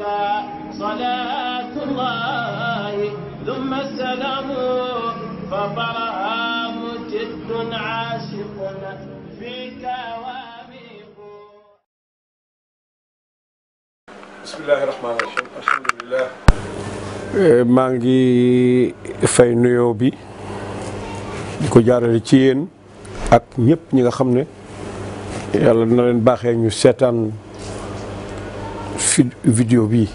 عليك صلاة الله ثم السلام فطرها مجد عاشق فيك واميق بسم الله الرحمن الرحيم الحمد لله maa ngi fay nuyoo bi di ko jaarale ci yéen ak ñëpp ñi nga xam ne yàlla na leen baaxee ñu seetaan ci vidéo bii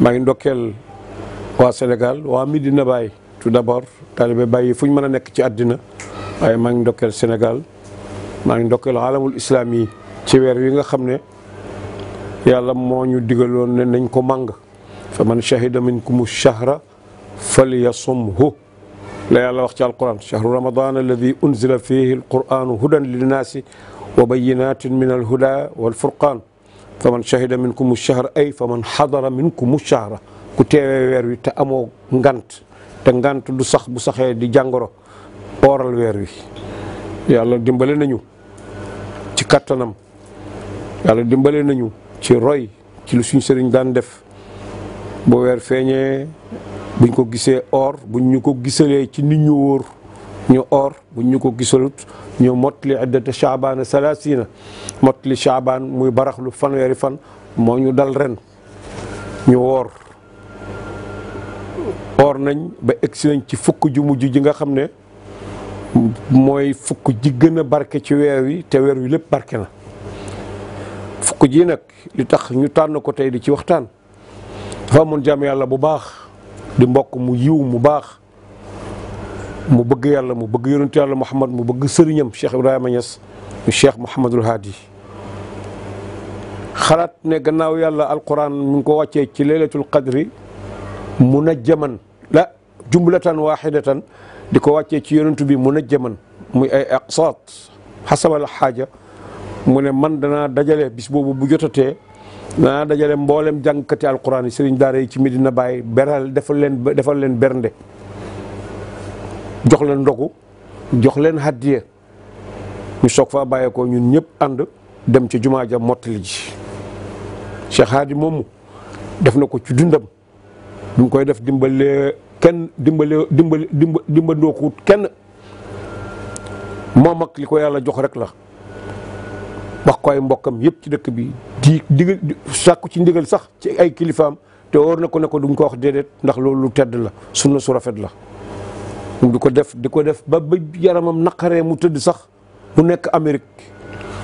maa ngi ndokkeel waa Sénégal waa Medina Baye tout d'abord taalibe Baye fu ñu mën a nekk ci àddina waaye maa ngi ndokkeel Sénégal maa ngi ndokkeel alamul islam yi ci weer wi nga xam ne yàlla moo ñu digaloon ne nañ ko màng fa man shahida minkumu shahra falyasumhu la yàlla wax ci alquran shahru ramadan alladi unzila fihi alquranu hudan linnaasi wa bayinatin min alhuda walfurqan faman shahida minkum shahra ay faman xadara minkum shahra ku teewee weer wi te amoo ngant te ngant du sax bu saxee di jàngoro ooral weer wi yàlla dimbale nañu ci kattanam yàlla dimbale nañu ci roy ci lu suñ sëriñ daan def bu weer feeñee buñ ko gisee or buñ ñu ko gisalee ci nit ñu woor ñu or bu ñu ko gisalut ñu motli iddata chaabaana salaasina motli chaabaan muy baraxlu fanweeri fan moo ñu dal ren ñu woor woor nañ ba egsi nañ ci fukk ju mujj ji nga xam ne mooy fukk ji gën a barke ci weer wi te weer wi lépp barke na fukk ji nag li tax ñu tànn ko tey di ci waxtaan dafa amoon jaam yàlla bu baax di mbokk mu yiw mu baax mu bëgg yàlla mu bëgg yonentu yàlla Muhammad mu bëgg sëriñam Cheikh Ibrahima Niass mu Cheikh Mouhamadul Hadi xalaat ne gannaaw yàlla alquran mu ngi ko wàccee ci laylatul qadri munajjaman la jumlatan waxidatan di ko wàccee ci yonentu bi munajjaman mu ay aqsaat xasabal xaaja mu ne man danaa dajale bis boobu bu jotatee danaa dajale mboolem jàngkati alquran yi sëriñ daar yi ci Medina Baye beral defal leen defal leen bernde jox leen ndogu jox leen hadiya ñu soog faa bàyyeekoo ñun ñëpp ànd dem ci jumaa ja mottali ji Cheikh Hadi moomu def na ko ci dundam bi mu koy def dimbalee kenn dimbale dimbale dimbandoo ko kenn moom ak li ko yàlla jox rek la wax ko ay mbokkam yëpp ci dëkk bi di digal sàkku ci ndigal sax ci ay kilifaam te wóor na ko ne ko duñ ko wax déedéet ndax loolu lu tedd la sunna su rafet la di ko def di ko def ba ba yaramam naqaree mu tëdd sax mu nekk Amérique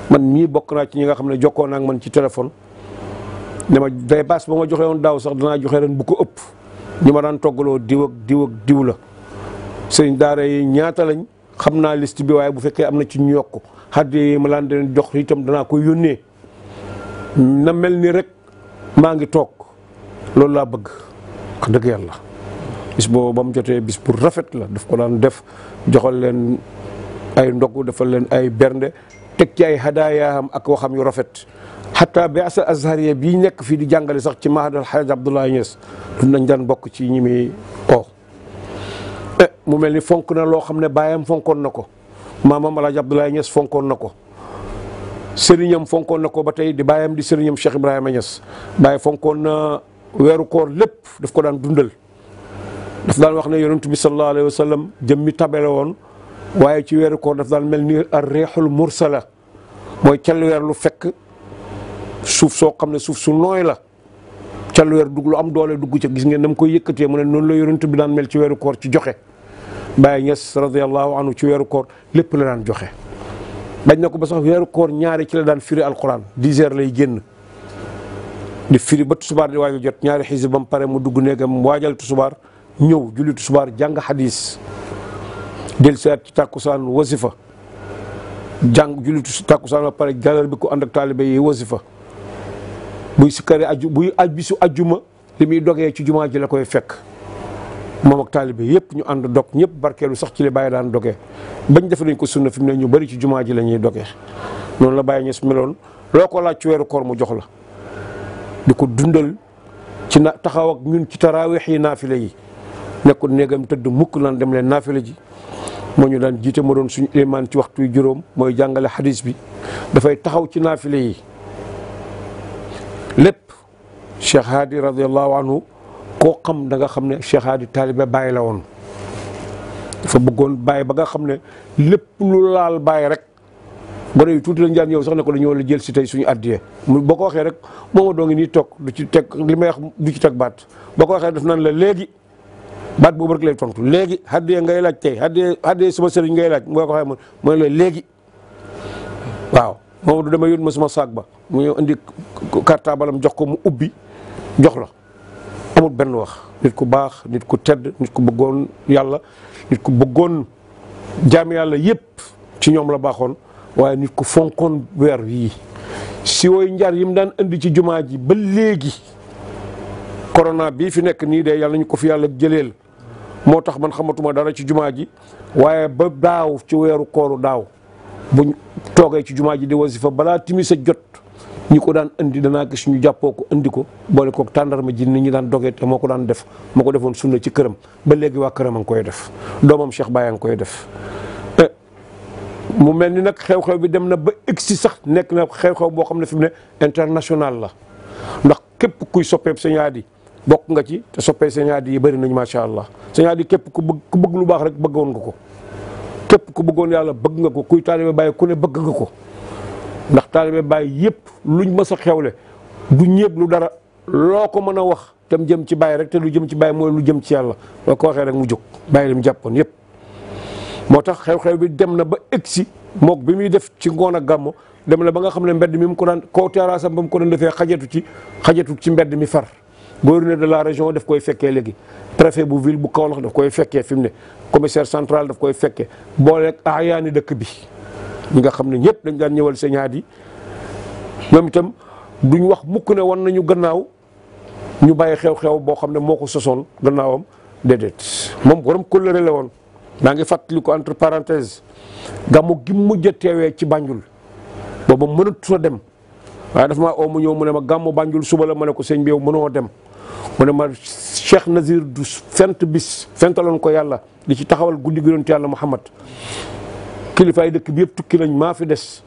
man mii bokk naa ci ñi nga xam ne jokkoo naa ak man ci téléphone dama day baas ba ma joxewoon daaw sax danaa joxe ren bu ko ëpp ñu ma daan toggaloo diw ak diw ak diw la sëñ daara ñaata lañ xam naa list bi waaye bu fekkee am na ci ñu yokk xaddi yi ma laan den jox itam danaa ko yónnee na mel nii rek maa ngi toog loolu laa bëgg dëgg yàlla bis boobu ba mu jotee bis bu rafet la daf ko daan def joxal leen ay ndogu defal leen ay bernde teg ci ay hadaayaam ak waxam yu rafet. xataa ba asal azhariya bii nekk fii di jàngale sax ci mahadal xaaj Abdoulaye Niass dun nañ daan bokk ci ñi muy oo eh, mu mel ni fonk na loo xam ne baayam fonkoon na ko maamam alaaj Abdoulaye Niass fonkoon na ko sëriñam fonkoon na ko ba tey di baayam di sëriñam Cheikh Ibrahima Niass baay fonkoon na weeru koor lépp daf ko daan dundal daf daan wax ne yonent bi sallallahu alayhi wa sallam jëm mi tabele woon waaye ci weeru koor daf daan mel ni ar reexul mursala mooy calluweer lu fekk suuf soo xam ne suuf su nooy la calluweer dugg lu am doole dugg ca gis ngeen dam koy yëkkatee mu ne noonu la yonent bi daan mel ci weeru koor ci joxe Baye Niass radiallahu anhu ci weeru koor lépp la daan joxe bañ na ko ba sax weeru koor ñaari ci la daan firi alquran dix heures lay génn di firi ba tusubaar di waaj jot ñaari xisib ba mu pare mu dugg néegam waajal tusubaar ñëw julli tisbaar jàng xadis del siwaat ci tàkkusaan wasifa jàng julli tàkkusaan ba pare jàllal bi ko ànd ak taalibe yi wasifa buy sikkari aju buy aj bisu ajjuma li muy dogee ci jumaa ji la koy fekk moom ak taalibe yëpp ñu ànd dog ñëpp barkeelu sax ci li bàyyi daan dogee bañ defe nañ ko sunna fim mu ne ñu bari ci jumaa ji lañuy ñuy dogee noonu la bàyyi ñes meloon loo ko laaj ci weeru koor mu jox la di ko dundal ci na taxaw ñun ci taraaweex yi naafile yi nekkul néegam tëdd mukk naan dem leen naafila ji moo ñu daan jiite moo doon suñu ilimaan ci waxtu yu juróom mooy jàngale xadis bi dafay taxaw ci naafila yi lépp Cheikh Hadi radiallahu anhu koo xam danga nga xam ne Cheikh Hadi taalibe bàyyi la woon dafa bëggoon bàyyi ba nga xam ne lépp lu laal bàyyi rek gone yu tuuti lañ daan ñëw sax ne ko ñëw la jël si tey suñu addiye mu boo ko waxee rek mooma doo ngi nii toog du ci teg li may wax du ci teg baat boo ko waxee léegi baat boobu rek lay tontu léegi haddee ngay laaj tey haddee haddee sama sëriñ ngay laaj boo ko xayma mu ne la léegi waaw moom du dama yónni ma sama saag ba mu ñëw indi cartabalam jox ko mu ubbi jox la amul benn wax nit ku baax nit ku tedd nit ku bëggoon yàlla nit ku bëggoon jaam yàlla yépp ci ñoom la baaxoon waaye nit ku fonkoon weer yii si wooy njar yi mu daan indi ci jumaa ji ba léegi corona bii fi nekk nii de yàlla ñu ko fi yàlla jëleel moo tax man xamatuma dara ci jumaa ji waaye ba daaw ci weeru kooru daaw buñ toogee ci jumaa ji di wasifa balaa timis a jot ñi ko daan indi danaa gis suñu jàppoo ko indi ko boole kook tàndarma ji ni ñu daan dogee te moo ko daan def moo ko defoon sunna ci këram ba léegi waa këram a ngi koy def doomam Cheikh Baye a koy def eh, mu mel ni nag xew-xew bi dem na ba egsi sax nekk na xew-xew boo xam ne fi mu ne international la ndax képp kuy soppeeb Sëñ Aadi bokk nga ci te soppee sëñ yi bëri nañ macha allah sëñ Hady képp ku bëgg ku bëgg lu baax rek bëggoon nga ko képp ku bëggoon yàlla bëgg nga ko kuy taalibe bàyyi ku ne bëgg nga ko ndax taalibe bàyyi yëpp luñ mës a xewle du ñéeb lu dara loo ko mën a wax tam jëm ci bàyyi rek te lu jëm ci bàyyi mooy lu jëm ci yàlla loo ko waxee rek mu jóg bàyyi mu jàppoon yëpp moo tax xew-xew bi dem na ba si mook bi muy def ci ngoon a gàmmu dem na ba nga xam ne mbedd mi mu ko daan kaw ba mu ko doon defee xajatu ci xajatu ci mbedd mi far ne de la région daf koy fekkee léegi préfet bu ville bu Kaolack daf koy fekkee fi mu ne commissaire central daf koy fekkee booleeg aayaani dëkk bi ñi nga xam ne ñëpp dañ daan ñëwal seen ñaar moom ñoom itam duñ wax mukk ne wan nañu gannaaw ñu bàyyi xew-xew boo xam ne moo ko sosoon gannaawam déedéet moom borom kóllëre woon maa ngi fàttali ko entre parenthèse gàmmu gi mujj a teewee ci Banjul booba mënatu sa dem waaye dafa maa oo mu ñëw mu ne ma gàmmu Banjul suba la ma ne ko sëñ bi yow mënoo dem mu ne ma Cheikh Nazir du fent bis fentaloon ko yàlla di ci taxawal guddi gi yonent yàlla Muhammad kilifaay dëkk bi yëpp tukki nañ maa fi des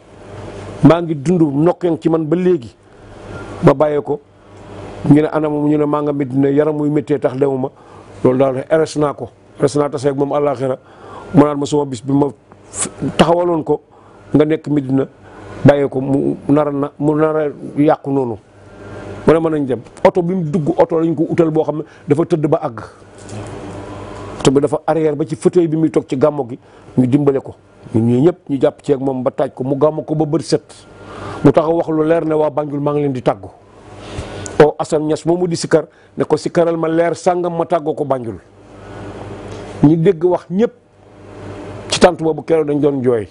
maa ngi dund nokkeen ci man ba léegi ma bàyyee ko ñu ne anam ñu ne maa nga yaram muy méttee tax demuma loolu daal res naa ko res naa moom àllaaxira mu naan ma suma bis bi ma taxawaloon ko nga nekk Medina bàyyee ko mu nara mu nara yàqu noonu mu ne mën nañ dem oto bi mu dugg oto lañ ko utal boo xam ne dafa tëdd ba àgg oto bi dafa arrière ba ci fauteuil bi muy toog ci gàmmo gi ñu dimbale ko ñu ñii ñëpp ñu jàpp ceeg moom ba taaj ko mu gàmm ko ba bët set mu taxaw wax lu leer ne waa Banjul maa ngi leen di tàggu o Assane Niass moomu di sikkar ne ko sikkaral ma leer sàngam ma tàggoo ko Banjul ñu dégg wax ñépp ci tànt boobu keroog dañ doon jooy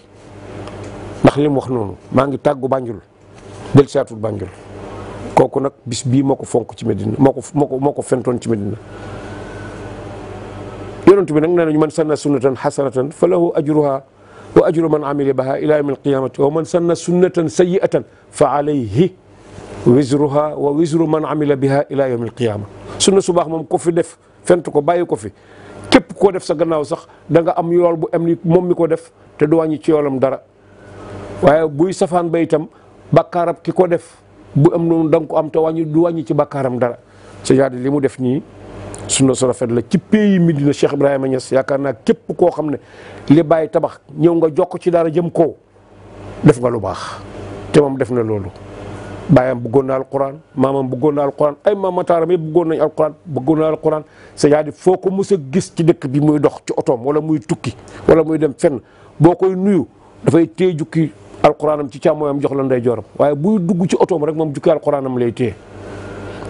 ndax li wax noonu maa ngi tàggu Banjul del seetul Banjul kooku nag bis bii moo ko fonk ci Medina moo ko moo ko moo ko fentoon ci Medina yonent bi nag nee nañu man sanna sunnatan xasanatan fa lahu ajruha wa ajru man amila biha ila yawmi alqiyamati wa man sanna sunnatan sayiatan fa alayhi wizruha wa wizru man amila biha ila yawmi alqiyama sunna su baax moom ko fi def fent ko bàyyi ko fi képp koo def sa gannaaw sax danga am yool bu am ni moom mi ko def te du wàññi ci yoolam dara waaye buy safaan ba itam bàkkaaram ki ko def bu am noonu da ko am te wàññi du wàññi ci bàkkaaram dara c'est-à-dire li mu def nii sunna su rafet la ci pays Medina Cheikh Ibrahima Niass yaakaar naa képp koo xam ne li bàyyi tabax ñëw nga jokk ci dara jëm ko def nga lu baax te moom def na loolu baayam bëggoon na alquran maamam bëggoon na alquran ay maamataaram yëpp bëggoon nañ alquran bëggoon na alquran c'est-à-dire foo ko mu a gis ci dëkk bi muy dox ci otoom wala muy tukki wala muy dem fenn boo koy nuyu dafay téye jukki alquranam ci càmmooyam jox la ndey jooram waaye buy dugg ci otoom rek moom jukki alquranam lay téye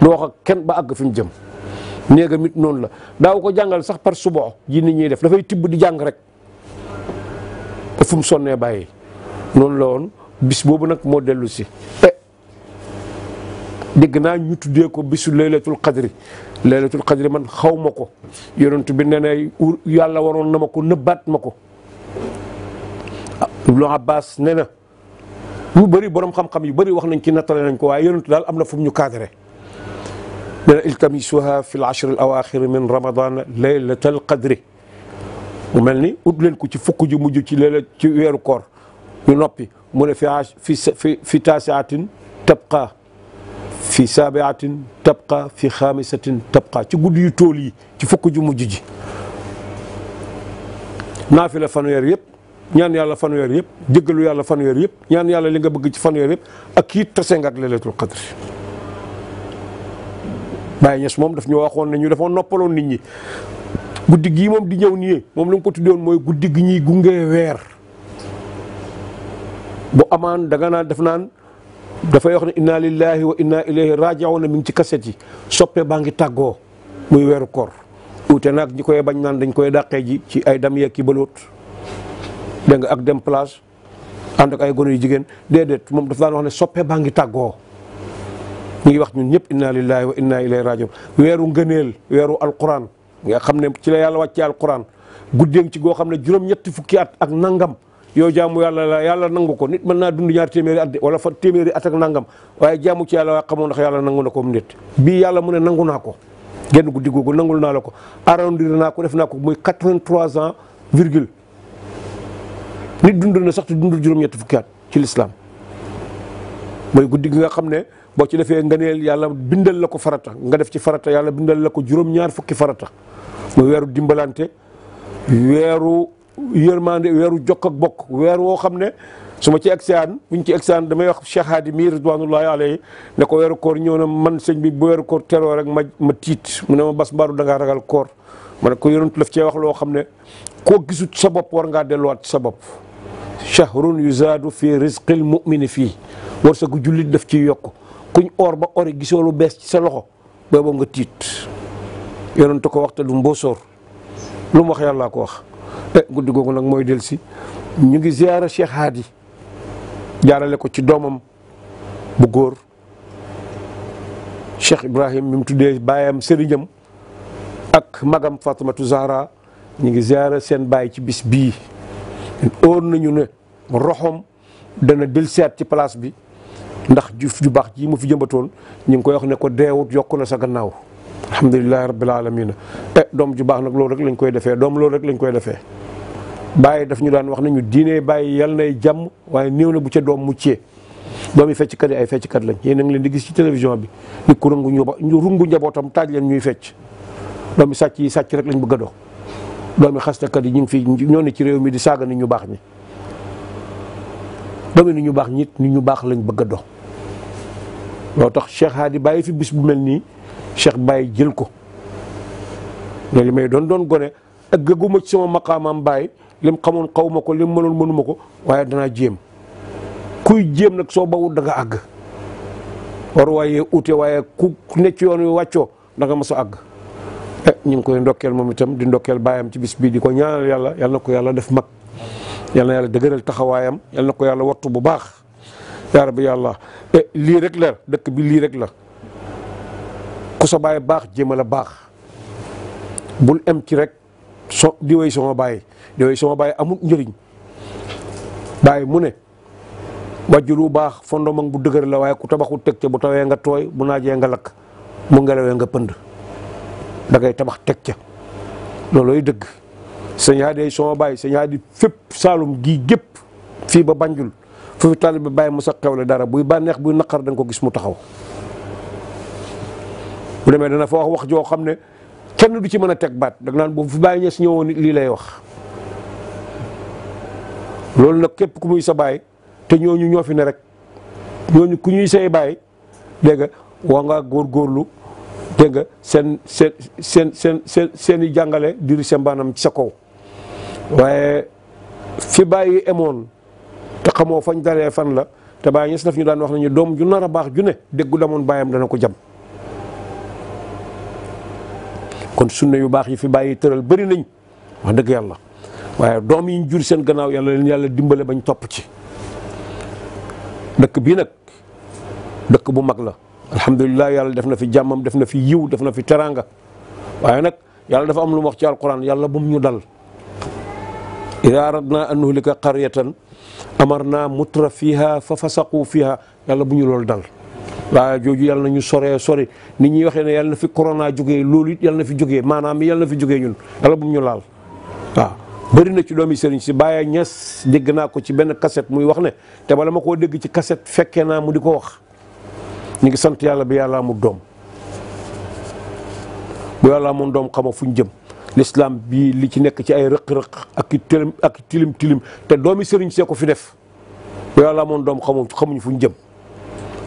lu wax ak kenn ba àgg fi mu jëm néegam it noonu la daaw ko jàngal sax par suba ji ni ñuy def dafay tibb di jàng rek ba fu mu sonnee bàyyi noonu la woon bis boobu nag moo dellu si e dégg naa ñu ko bisu laylatul qadri laylatul qadri man xaw ma ko yonent bi nee na yàlla waroon na ma ko nëbbaat ma ko Ibnu Abbas nee yu bëri borom xam-xam yu bëri wax nañ ci nattale nañ ko waaye yonentu daal am na fu mu ñu cadré nee na iltamisuha fi l min ramadan laylatal qadri mu mel ni ut leen ko ci fukk ju mujj ci léeg ci weeru koor ñu noppi mu ne fi fi fi taasiatin tabqa fi saabiatin tabqa fi xaamisatin tabqa ci guddi yu tool yi ci fukk ju mujj ji naafila fanweer yëpp ñaan yàlla fanweer yëpp jéggalu yàlla fanweer yëpp ñaan yàlla li nga bëgg ci fanweer yëpp ak kii tase nga ak leylatul qadr Baye Niass moom daf ñu waxoon ne ñu dafa noppaloon nit ñi guddi gii moom di ñëw nii moom la nga ko mooy guddi gi ñuy gungee weer bu amaan da nga naan def naan dafay wax ne inna lillahi wa inna ilayhi raji'un mi ngi ci kaset yi soppe baa ngi tàggoo muy weeru kor uute nag ñi koy bañ naan dañ koy dàqee ji ci ay dam yekki ba lóot dégg nga ak dem plage ànd ak ay gone yu jigéen déedéet moom daf daan wax ne soppe baa ngi tàggoo ñu ngi wax ñun ñëpp inna lillahi wa inna ilayhi rajiun weeru ngëneel weeru alquran nga xam ne ci la yàlla wàccee alquran guddeem ci goo xam ne juróom-ñetti fukki at ak nangam yow jaamu yàlla la yàlla nangu ko nit mën naa dund ñaar téeméeri at wala fa téeméeri at ak nangam waaye jaamu ci yàlla waa xamoon ndax yàlla nangu na ko mu nit bii yàlla mu ne nangu naa ko genn guddi googu nangul naa la ko arrondir naa ko def naa ko muy 83 ans virgule nit dund na sax te dundul juróom-ñetti fukki at ci lislaam mooy guddi gi nga xam ne boo ci defee nga neel yàlla bindal la ko farata nga def ci farata yàlla bindal la ko juróom-ñaar fukki farata mu weeru dimbalante weeru yërmande weeru jokk ak bokk weer woo xam ne su ma ci an buñ ci egsaan damay wax Cheikh Hadi mi ridwanullahi ne ko weeru koor ñëw na man sëñ bi bu weeru koor teroo rek ma ma tiit mu ne ma bas mbaaru da ragal koor ma ne ko yonent laf cee wax loo xam ne koo gisut sa bopp war ngaa delluwaat ci sa bopp chahrun yuzaadu fi rizqil mu'mini fii wërsëgu jullit def ci yokk kuñ or ba ori gisoo lu bees ci sa loxo boobu nga tiit yonent ko waxta du mbóosóor lu mu wax yàllaa ko wax e guddi googu nag mooy del si ñu ngi ziyaara Cheikh Hadi jaarale ko ci doomam bu góor Cheikh Ibrahim mi mu tuddee baayam sëriñam ak magam Fatimatu Zahra ñu ngi ziyaara seen baay ci bis bii óor nañu ne roxom dana dellusiwaat ci place bi ndax jëf ju baax jii mu fi jëmbatoon ñu ngi koy wax ne ko deewut yokku na sa gannaaw alhamdulilahi rabbil alamina e eh, doom ju baax nag loolu rek lañ koy defee doom loolu rek lañ koy defee bàyyi daf ñu daan wax nañu diine bàyyi yàlla nay jàmm waaye néew na bu ca doom muccee doom yi fecckat yi ay fecckat lañ yéen a ngi leen di gis ci télévision bi nit ku rungu ñu rungu njabootam taaj leen ñuy fecc doomi sàcc yi sàcc rek lañ bëgg a doomi xastekat yi ñu ngi fi ñoo ne ci réew mi di saaga nit ñu baax ñi doomi nit ñu baax ñit ni ñu baax lañ bëgg a dox loo tax Cheikh Hadi bàyyi fi bis bu mel nii Cheikh Baye jël ko ne li may doon doon gone ak gëgguma ci sama maqaamam Baye lim xamoon xaw ma ko lim mënoon mënuma ko waaye danaa jéem kuy jéem nag soo bawut da nga àgg war waaye ute waaye ku nekk ci yoon wi wàccoo da nga mos a àgg ñu ngi koy ndokkeel moom itam di ndokkeel baayam ci bis di ko ñaanal yàlla yal na ko yàlla def mag yal na yàlla dëgëral taxawaayam yal na ko yàlla wattu bu baax yaa rabbi yàlla eh, lii rek la dëkk bi lii rek la ku sa baay baax jéem a la baax bul em ci rek so di wéy sama baay di wéy baay amul njëriñ baay mu ne wàjju lu baax fondement bu dëgër la waaye ku tabaxul teg ca bu tawee nga tooy bu naajee nga lakk mu ngelawee nga pënd da ngay tabax teg ca loolooy dëgg sëñ Hadi sama bàyyi sëñ Hadi fépp Saalum gii gépp fii ba Banjul foofu fi taalibe bàyyi mu sa la dara buy bànneex buy naqar da ko gis mu taxaw bu demee dana fa wax wax joo xam ne kenn du ci mën a teg baat da nga naan bu fi bàyyi ñes ñëwoon lii lay wax loolu nag képp ku muy sa bàyyi te ñooñu ñoo fi ne rek ñooñu ku ñuy say bàyyi dégg nga waa góor góorlu dégg nga seen seen seen seen seen seen i jàngale diiru seen baanaam ci sa kaw waaye fi bàyyi emoon te xamoo fañ dalee fan la te bàyyi ñes daf ñu daan wax nañu doom ju nar a baax ju ne déggu damoon bàyyam dana ko jam kon sunna yu baax yi fi bàyyi tëral bëri nañ wax dëgg yàlla waaye doom yi ñu jur seen gannaaw yàlla leen yàlla dimbale bañ topp ci dëkk bii nag dëkk bu mag la alhamdulilah yàlla def na fi jàmmam def na fi yiw def na fi teraanga waaye nag yàlla dafa am lu mu wax ci alquran yàlla bum ñu dal ida aradna an nuhlika qaryatan amarna mutra fiha fa fasaqu fiha yàlla bu ñu loolu dal waaye jooju yàlla na ñu sore sori ni ñuy waxee ne yàlla na fi corona jógee loolu it yàlla na fi jógee maanaam yàlla na fi jógee ñun yàlla bu mu ñu laal waaw bëri na ci doomi sëriñ si Baye Niass dégg naa ko ci benn kaset muy wax ne te bala ma koo dégg ci kaset fekkee naa mu di ko wax ñu ngi sant yàlla bi yàlla amul doom bu yàlla doom xama fu ñu jëm lislaam bii li ci nekk ci ay rëq-rëq ak i tilim ak tilim tilim te doomi sëriñ see ko fi def bu yàlla doom xamu xamuñ fu ñu jëm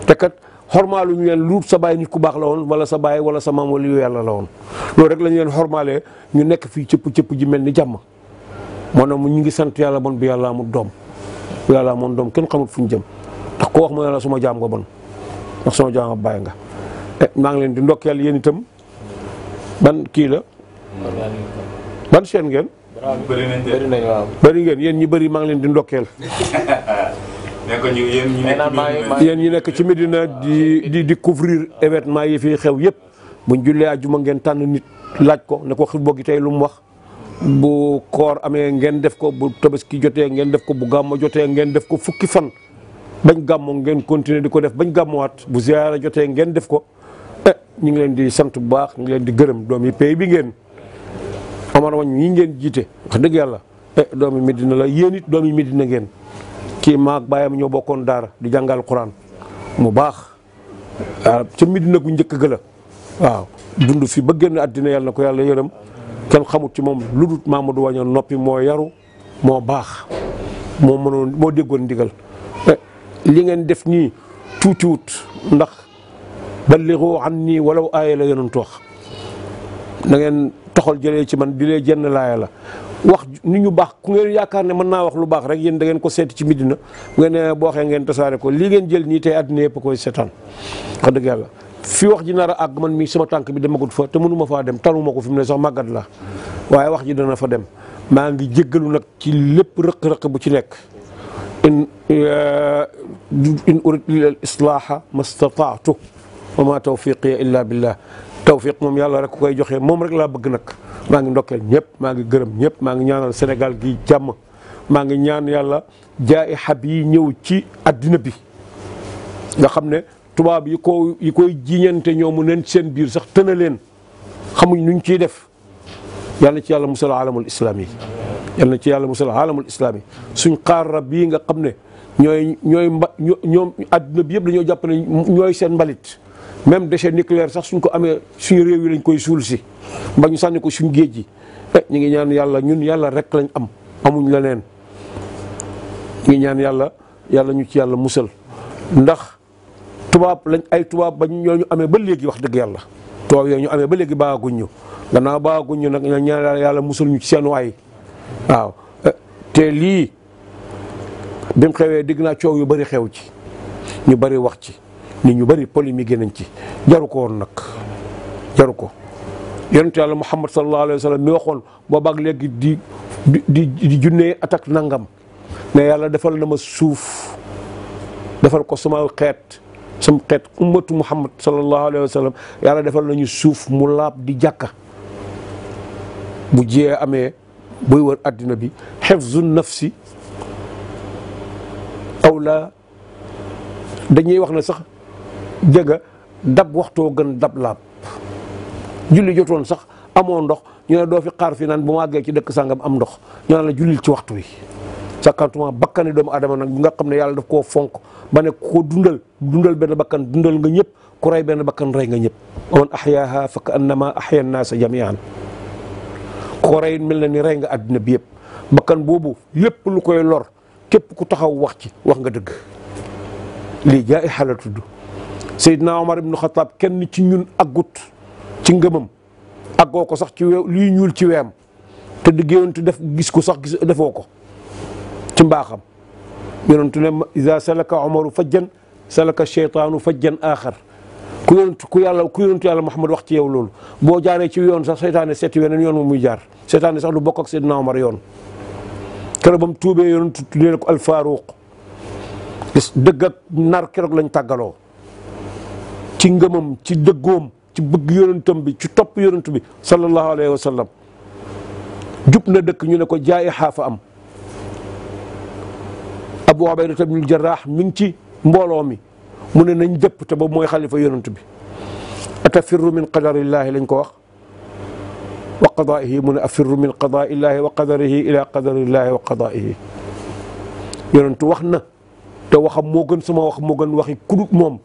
te kat xormaalu ñu leen luut sa baay nit ku baax la woon wala sa baay wala sa maam la woon loolu rek la ñu leen ñu nekk fii cëpp-cëpp ji mel ni jàmma jàmm maanaam ñu ngi sant yàlla bon bi yàlla amul doom bu yàlla amoon doom kenn xamul fu ñu jëm ko wax ma ne suma jaam nga bon ndax sama jaam bàyyi nga eh, maa ngi leen di ndokkeel yéen itam ban kii la ban chaîne ngeen bëri ngeen yéen ñi bëri maa ngi leen di ndokkeel yéen ñi nekk ci Medina di di di couvrir évétement yi fi xew yëpp buñ jullee àjjuma ngeen tànn nit laaj ko ne ko xutba gi tey lu mu wax bu koor amee ngeen def ko bu tabaski jotee ngeen def ko bu gàmmu jotee ngeen def ko fukki fan bañ gàmmoo ngeen continuer di ko def bañ gàmmuwaat bu ziyaara jotee ngeen def ko eh ñu ngi leen di sant bu baax ñu ngi leen di gërëm doom yi pay bi ngeen Omar wañ ñi ngeen jiite wax dëgg yàlla eh yi Medina la yéen it doomi Medina ngeen kii maag baayam ñoo bokkoon daara di jàngal Quraan mu baax waaw ah, ca Medina gu njëkk ga la waaw dund fi ba génn àddina yàlla ko yàlla yërëm kenn xamut ci moom lu dul Mamadou wañoon noppi moo yaru moo baax moo mënoon moo déggoon ndigal li ngeen def nii wut ndax balligu an nii walaw aaya la yonantu wax na ngeen toxal jëlee ci man di lee jenn laaya la wax ni ñu baax ku ngeen yaakaar ne mën naa wax lu baax rek yéen dangeen ko seet ci Medina bu ngeen boo waxee ngeen tasaare ko lii ngeen jël nii tey àddina yëpp koy seetaan wax dëgg yàlla fi wax ji nar a àgg man mii sama tànk bi demagut fa te mënuma faa dem taluma ko fi mu ne sax màggat la waaye wax ji dana fa dem maa ngi jéggalu nag ci lépp rëq-rëq bu ci nekk in in urid illa al islaaha mastataatu wa ma tawfiqiya illa billah tawfiq moom yàlla rek ku koy joxe moom rek laa bëgg nag maa ngi ndokkeel ñëpp maa ngi gërëm ñëpp maa ngi ñaanal senegal gi jàmm maa ngi ñaan yàlla jaay xab yi ñëw ci addina bi nga xam ne tubaab yi ko yi koy jiñante ñoomu neen seen biir sax tëna leen xamuñ nuñ ciy def yàlla ci yàlla musal alamul islam yi yal ci yàlla musal alamul islaami suñ xaar rab bii nga xam ne ñooy ñooy mba ñoom adduna bi yëpp dañoo jàpp ñooy seen mbalit même déchet nucléaire sax suñ ko amee suñu réew yi lañ koy suul si ñu sànni ko suñ géej gi eh ñu ngi ñaan yàlla ñun yàlla rek lañ am amuñ leneen ñu ngi ñaan yàlla yàlla ñu ci yàlla musal ndax tubaab lañ ay tubaab bañ ñoo ñu amee ba léegi wax dëgg yàlla tubaab yooyu ñu amee ba léegi baaguñ ñu gannaaw baaguñ ñu nag ñaan yàlla musal ñu ci seen waay waaw te lii bi mu xewee digg naa coow yu bari xew ci ñu bari wax ci nit ñu bëri polémique nañ ci jaru ko woon nag jaru ko yonent yàlla Muhammad sallallahu alayhi wa sallam mi waxoon boobaag léegi di di di junnee attaque nangam ne yàlla defal na ma suuf defal ko suma xeet sama xeet ummatu Muhammad sallallahu alayhi wa sallam yàlla defal nañu suuf mu laab di jàkka bu jiyee amee boy wër àddina bi xifzu nafsi awla dañuy wax ne sax jëga dab waxtoo gën dab laab julli jotoon sax amoo ndox ñu ne doo fi xaar fi naan bu ma àggee ci dëkk sangam am ndox ñu la jullil ci waxtu wi sakkantumaa bakkani doomu adama nag nga xam ne yàlla daf koo fonk ba ne ko dundal dundal benn bakkan dundal nga ñëpp ku rey benn bakkan rey nga ñëpp wa man ahyaaha fa ka annama ahya annaasa jamian ko rey mel na ni rey nga àddina bi yëpp bakkan boobu lépp lu koy lor képp ku taxaw wax ci wax nga dëgg lii jaay xala tudd Seydina Omar ibnu Xataab kenn ci ñun aggut ci ngëmam aggoo ko sax ci we lii ñuul ci weem te di géwantu def gis ko sax gis defoo ko ci mbaaxam yonentu ne isa salaka omaru fajjan salaka cheytaanu fajjan axar ku yonent ku yàlla ku yonentu yàlla Muhammad wax ci yow loolu boo jaaree ci yoon sax seytaane seeti weneen yoon moom muy jaar seytaane sax lu bokk ak Seydina Omar yoon keroog ba mu tuubee yonent tuddee na ko alfaaruq gis nar keroog lañ tàggaloo ci ngëmam ci dëggoom ci bëgg yonentam bi ci topp yonent bi sallallahu alayhi wa jub na dëkk ñu ne ko jaay xaafa am Abu Ubayda ibnul Jarraax mi ngi ci mbooloo mi mu ne nañ jëpp te boobu mooy xalifa yonent bi atafirru min qadarillaahi lañ ko wax wa qadaa'ihi mu ne afirru min qadaa'illaahi wa qadarihi ila qadarillaahi wa qadaa'ihi yonent wax na te waxam moo gën sama wax moo gën waxi ku moom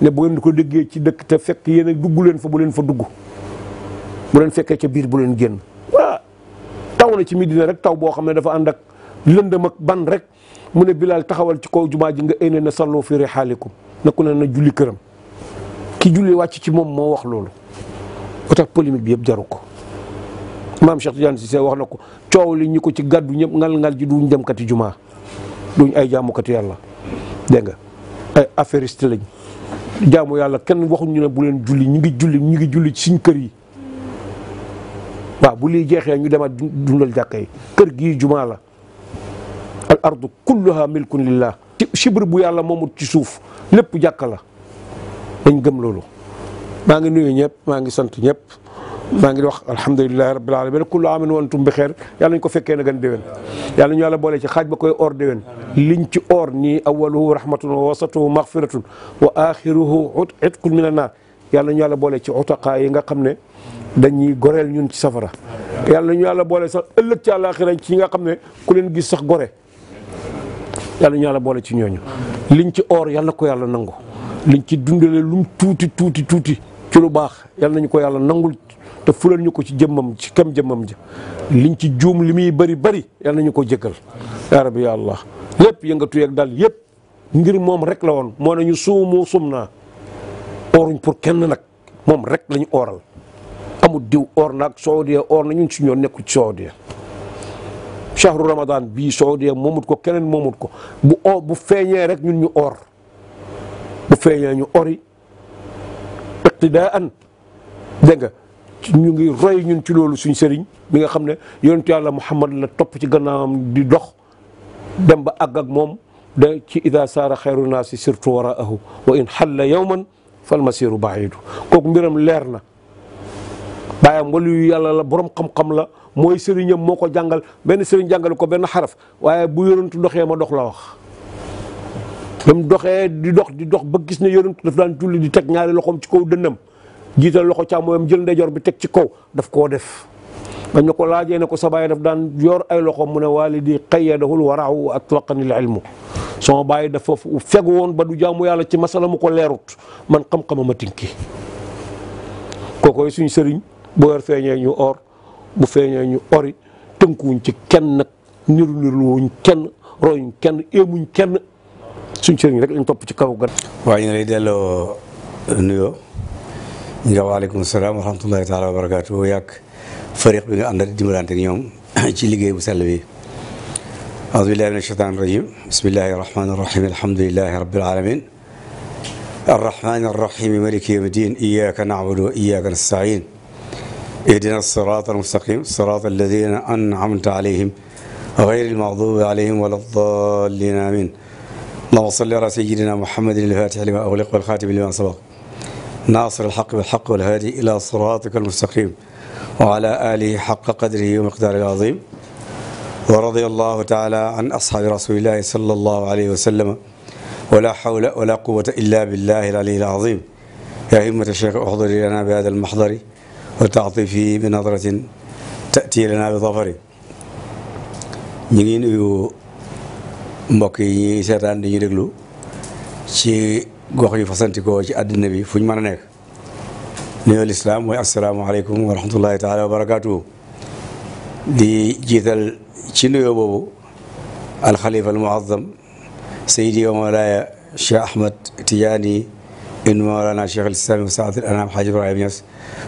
ne bu ngeen ko déggee ci dëkk te fekk yéen a dugg leen fa bu leen fa dugg bu leen fekkee ca biir bu leen génn waa taw na ci Medina rek taw boo xam ne dafa ànd ak lëndëm ak ban rek mu ne Bilaal taxawal ci kaw jumaa ji nga eena na sallu fi rihaalikum na ku ne na julli këram ki julli wàcc ci moom moo wax loolu ba tax bi yëpp jaru ko maam Cheikh Tidiane Cissé wax na ko coow li ñu ko ci gàddu ñëpp ngal-ngal ji ñu dem kati jumaa ay jaamukati yàlla dégg nga ay affairiste jaamu yàlla kenn waxuñu ne bu leen julli ñu ngi julli ñu ngi julli ci suñ kër yi waaw bu lii jeexee ñu demaat dundal jàkka yi kër gi jumaa la al ardu kulluha milkun lillah chibre bu yàlla moomut ci suuf lépp jàkka la dañ gëm loolu maa ngi nuyu ñëpp maa ngi sant ñëpp maa ngi wax alhamdulilahi rabbil alamin kullu amin wa antum bi xeer yàlla ñu ko fekkee na gën déwén yàlla ñu yàlla boole ci xaaj ba koy or déwén liñ ci or nii awaluhu rahmatun wa wasatuhu maghfiratun wa axiruhu itqun min annaar yàlla ñu yàlla boole ci utaqaa yi nga xam ne dañuy goreel ñun ci safara yàlla ñu yàlla boole sax ëllëg ci àllaaxira ci nga xam ne ku leen gis sax gore yàlla ñu yàlla boole ci ñooñu liñ ci oor yàlla na ko yàlla nangu liñ ci dundale lum tuuti tuuti tuuti ci lu baax yàlla nañu ko yàlla nangul te fulal ñu ko ci jëmmam ci kam jëmmam ja liñ ci juum li muy bëri bëri yàlla nañu ko jëggal yaa rabbi ya allah lépp yëngatu yeeg daal yëpp ngir moom rek la woon moo nañu suumu sum naa ooruñ pour kenn nag moom rek lañu ooral amul diw oor naag Saudiya oor na ñun si ñoo nekkul Saudiya chahru ramadan bii Saudiya moomut ko keneen moomut ko bu bu feeñee rek ñun ñu or bu feeñee ñu ori iqtidaan dégg nga ñu ngi roy ñun ci loolu suñ sëriñ mi nga xam ne yonentu yàlla Muhammad la topp ci gannaawam di dox dem ba àgg moom da ci ida saara xayru naasi sirtu waraahu wa in xalla fal fal masiru baidu kooku mbiram leer na bàyyam walu yu la borom xam la mooy sëriñam moo ko jàngal benn sëriñ jàngal ko benn xaraf waaye bu yorantu doxee ma dox la wax ba mu doxee di dox di dox ba gis ne yorantu daf daan julli di teg ñaari loxoom ci kaw dënnam jiital loxo càmmooyam jël ndeyjoor bi teg ci kaw daf koo def bañ na ko laajee ne ko sa baay daf daan yor ay loxoom mu ne waalidi qayyadahul waraaw atlaqanil ilmu sama baay dafa fegu woon ba du jaamu yàlla ci masala mu ko leerut man xam-xamama tinki kookooy suñ sëriñ boo yor feeñee ñu or bu feeñee ñu ori tënkuwuñ ci kenn nag niru niru wuñ kenn royuñ kenn éemuñ kenn suñ sëriñ rek lañ topp ci kaw gan. waaw ñu ngi lay delloo nuyoo ñu nga waaleykum salaam wa rahmatullahi taala wa barakaatu yàgg fariq bi nga ànd ak dimbalante ak ci liggéey bu sell bi. aoudu billahi min ashaitan rajim bismillahi rahmani rahim alhamdulilahi rabbil alamin arrahmani arrahim maliki yawmi din iyaka na'budu wa iyaka nastain اهدنا الصراط المستقيم صراط الذين أنعمت عليهم غير المغضوب عليهم ولا الضالين آمين اللهم صل على سيدنا محمد الفاتح لما أغلق والخاتم لما سبق ناصر الحق بالحق والهادي إلى صراطك المستقيم وعلى آله حق قدره ومقداره العظيم ورضي الله تعالى عن أصحاب رسول الله صلى الله عليه وسلم ولا حول ولا قوة إلا بالله العلي العظيم يا همة الشيخ احضر لنا بهذا المحضر wa taxtifi bi nadratin tati bi zafari ñu ngi nuyu mbokk yi ñuy seetaan di ñu déglu ci gox yu fasantikoo ci àddina bi fu mën a nekk nuyoo lislaam mooy asalaamaaleykum wa rahmatullahi taala wa barakaatuhu di jiital ci nuyoo boobu alxalifa almuazam saydi wa mawlaaya cheikh ahmad tijaani in mawlaana cheikh alislaami wa saadil anaam xaaj ibrahim ñas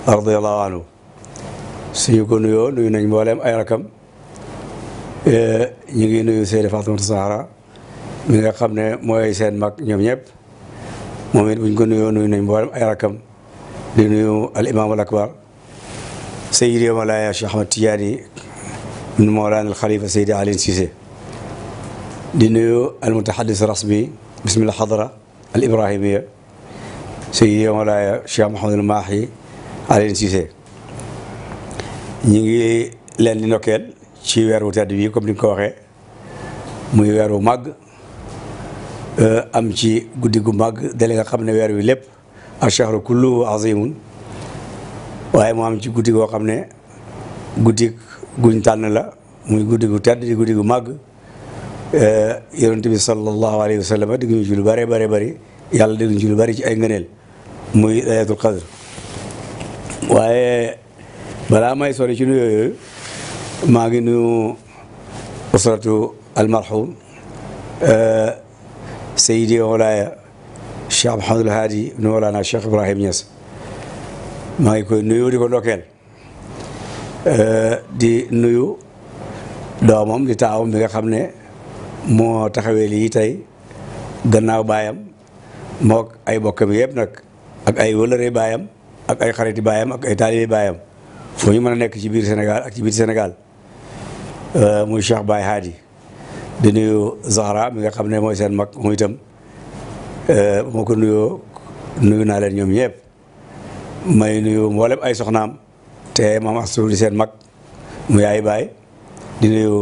radiallahu anhu suñu ko nuyoo nuyu nañ mbooleem ay rakam eh, ñu ngi nuyu Seydi Faatimata Zahra mi nga xam ne mooy seen mag ñoom ñëpp moom it buñ ko nuyoo nuyu nañ mbooleem ay rakam di nuyu al imaam al akbar Seydi Mawlaaya Cheikh Ahmad Tijaani min Mawlaana al Xalifa Seydi Alin Cissé di nuyu al mutahaddis rasmi bismil hadra al ibrahimiya Seydi Mawlaaya Cheikh Mahamadul Maahi Aliou Cissé ñu ngi leen di ci weer wu tedd bi comme ni nga ko waxee muy weer wu màgg euh, am ci guddi gu màgg dale nga xam ne weer wi lépp achahru kulluhu azimun waaye mu am ci guddi goo xam ne guddi guñ tànn la muy guddi gu tedd di guddi gu màgg euh, yonent bi sallallahu alayhi wa sallam digguñu ci lu bare bare bëri yàlla digguñu ci lu bari ci ay ngëneel muy layatul qadr waaye balaa ma sori ci nuyoo yooyu maa ngi nuyu usratu almarhum euh, sayidi walaaya Cheikh Mouhamadul Haadi ibnu Mawlana Cheikh Ibrahim Niass maa ngi koy nuyu di ko ndokkeel euh, di nuyu doomam di taawam bi nga xam ne moo taxawee lii tey gannaaw baayam mook ay bokkam yëpp nag ak ay wëlëre baayam ak ay xariti baayam ak ay taalibe baayam foo ñu mën a nekk ci biir Sénégal ak ci biir Sénégal euh, muy Cheikh Baye Hadi di nuyu Zahra mi nga xam ne mooy seen mag muy itam euh, moo ko nuyoo nuyu naa leen ñoom ñëpp may nuyu mboolem ay soxnaam te maam Astou di seen mag mu yaay baay di nuyu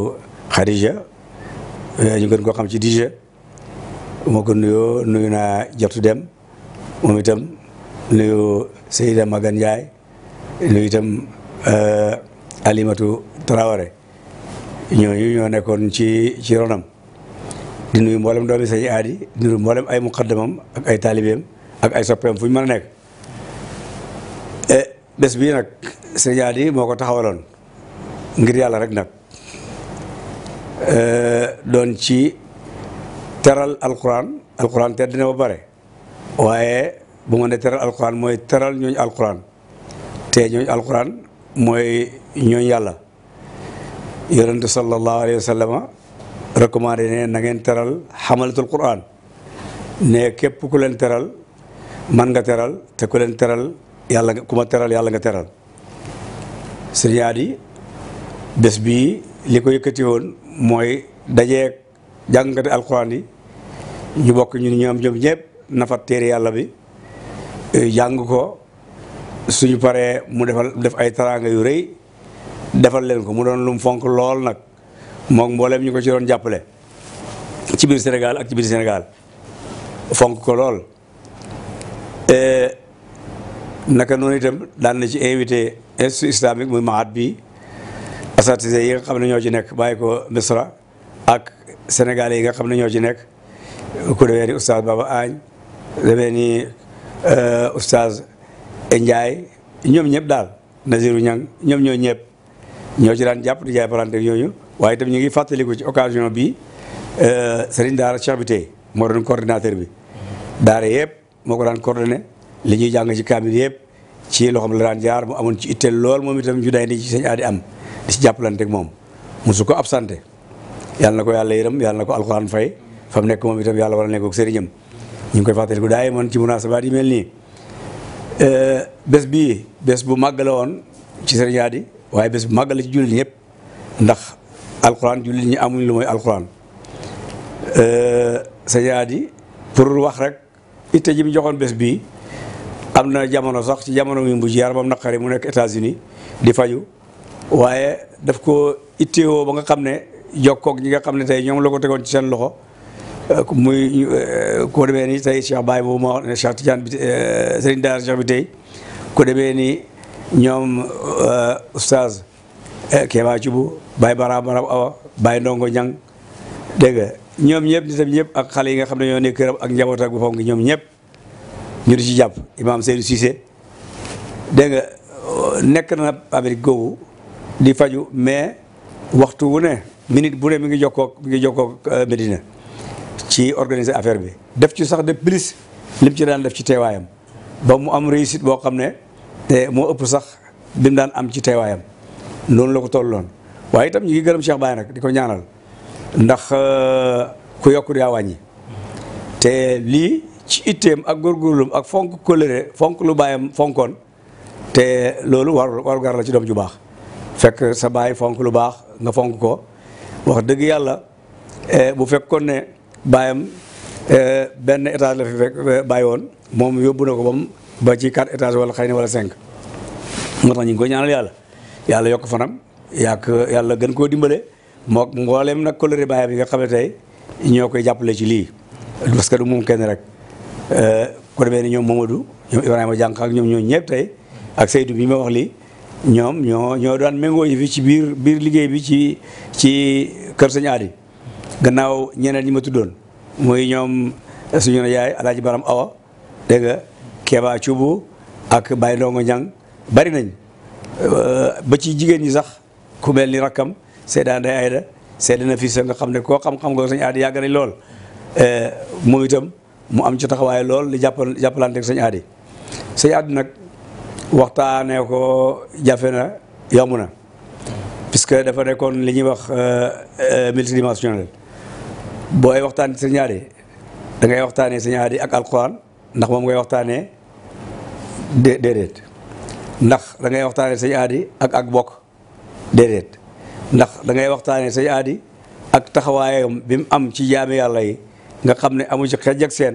Khadija euh, ñu gën koo xam ci Dija moo ko nuyoo nuyu na Jatu Dem moom itam. nuyu Seyda Magan Ndiaye nuyu itam euh, Alimatu Traoré ñooñu ñoo nekkoon ci ci ronam di nuyu mboolem doomi sañ aadi di nuyu mboolem ay muqaddamam ak ay taalibeem ak ay soppeem fu ñu mën a nekk e, bés bi nag sañ aadi moo ko taxawaloon ngir yàlla rek nag e, doon ci teral alquran alquran tedd na ba bare waaye bu ma ne teral alquran mooy teral ñooñu alquran te ñooñu alquran mooy ñooñu yàlla yonent sallallahu alayhi wa sallama recommandé ne na ngeen teral xamalatul quran ne képp ku leen teral man nga teral te ku leen teral yàlla nga ma teral yàlla nga teral sëriñ Adi bés bi li ko yëkkati woon mooy dajeeg jàngkati alquran yi ñu bokk ñun ñoom jëm ñëpp nafat téere yàlla bi Eh, jàng ko suñu paree mu defal def ay taraanga yu rëy defal leen ko mu doon lum fonk lool nag moom mbooleem ñu ko ci doon jàppale ci biir Sénégal ak ci biir Sénégal fonk ko lool eh, naka noon itam daan na ci invité institut islamique muy maat bi asatise yi nga xam ne ñoo ci nekk bàyyi ko Misra ak sénégalais yi nga xam ne ñoo ci nekk ku demee ni oustaz Baba Agne demee ni Euh, oustaz Ndiaye ñoom ñëpp daal Nazirou Niang ñoom ñoo ñëpp ñoo ci daan jàpp di jaay palanteer ñooñu waaye itam ñu ngi fàttaliku ci occasion bi euh, Serigne Daara Cheikh Biteye moo doon coordinateur bi daara yëpp moo ko daan coordonné li ñuy jàng ci kaamil yëpp ci loxoom la daan jaar mu amoon ci itteel lool moom itam ju day ni ci sëñ aadi am ci jàppalante ak moom mosu ko absenté yàlla na ko yàlla yërëm yàlla na ko alxuraan fay fa nekk moom itam yàlla war a nekk ak sëriñam ñu ngi koy fàttaliku daay moon ci munaasabaat yi mel nii eh, bés bii bés bu màgg la woon ci sëriñ Haadi waaye bés bu màgg la ci jullit ñëpp ndax alxuraan jullit ñi amuñ lu mooy alxuraan eh, sëriñ Haadi pour wax rek ite ji mu joxoon bés bii am na jamono sax ci jamono yu mujj yaramam naqari mu nekk États-Unis di faju waaye def ko ittewoo ba nga xam ne jokkoog ñi nga xam ne tey ñoom la ko tegoon ci seen loxo muy euh, ku demee ni tey Cheikh Baye boobu ma wax ne Cheikh Tidiane bi euh, Serigne Daara Cheikh bi tey ku demee ni ñoom euh, oustaz Kéba Thioub Baye Bara Marab Awa Baye Ndongo Ñang dégg nga ñoom ñëpp ñi tam ñëpp ak xale yi nga xam ne ñoo nekk këram ak njaboot ak bu fonk ñoom ñëpp ñu di ci jàpp Imaam Seydou Cissé dégg nga nekk na Amérique googu di faju mais waxtu wu ne minute bu ne mi ngi jokkoog mi ngi jokkoog Medina. ci organiser affaire bi def ci sax de plus lim ci daan def ci teewaayam ba mu am réussite boo xam ne te moo ëpp sax lim daan am ci teewaayam noonu la ko tolloon waaye itam ñu ngi gërëm Cheikh Baye nag di ko ñaanal ndax euh, ku yokku yaa wàññi te lii ci itteem ak góorgóorlum ak fonk kóllëre fonk lu baayam fonkoon te loolu waru waru gar la ci doom ju baax fekk sa baay fonk lu baax nga fonk ko wax dëgg yàlla eh, bu fekkoon ne baayam eh, benn étage la fi fekk eh, bàyyi woon moom yóbbu na ko bam ba ci quatre étage wala xëy na wala cinq moo tax ñu ngi koy ñaanal yàlla yàlla yokk fanam yàq yàlla gën koo dimbale moo mbooleem nag coloré baayam yi nga xam tey ñoo koy jàppale ci lii parce que du moom kenn rek eh, ko demee ni ñoom Mamadou ñoom Ibrahima jànq ak ñoom ñoo ñëpp tey ak Seydou bi ma wax lii ñoom ñoo ñoo daan méngoo yi ci biir biir liggéey bi ci ci kër sëñ Aadi gannaaw ñeneen ñi ma tuddoon muy ñoom suñu ne yaay alaaji baram awa de nga Keba Cuubu ak Baye Ndongo bari nañ euh, ba ci jigéen ñi sax ku mel ni rakkam Seydaan Day Ayda seede na fii sa nga xam ne koo xam-xam nga sëñ aadi yàgg nañ lool euh, moom itam mu am ci taxawaay lool di jàppal jàppalanteeg sëñ aadi sëñ aadi nag waxtaanee ko jafe na yomb na puisque dafa nekkoon li ñuy wax euh, multidimensionnel booy waxtaan sëriñ Hady da ngay waxtaanee sëriñ ak alquran ndax moom ngay waxtaanee déedéet ndax da ngay waxtaanee sëriñ Hady ak ak bokk déedéet ndax dangay ngay waxtaanee sëriñ Hady ak taxawaayam bi mu am ci jaami yàlla yi nga xam ne amu ci xej seen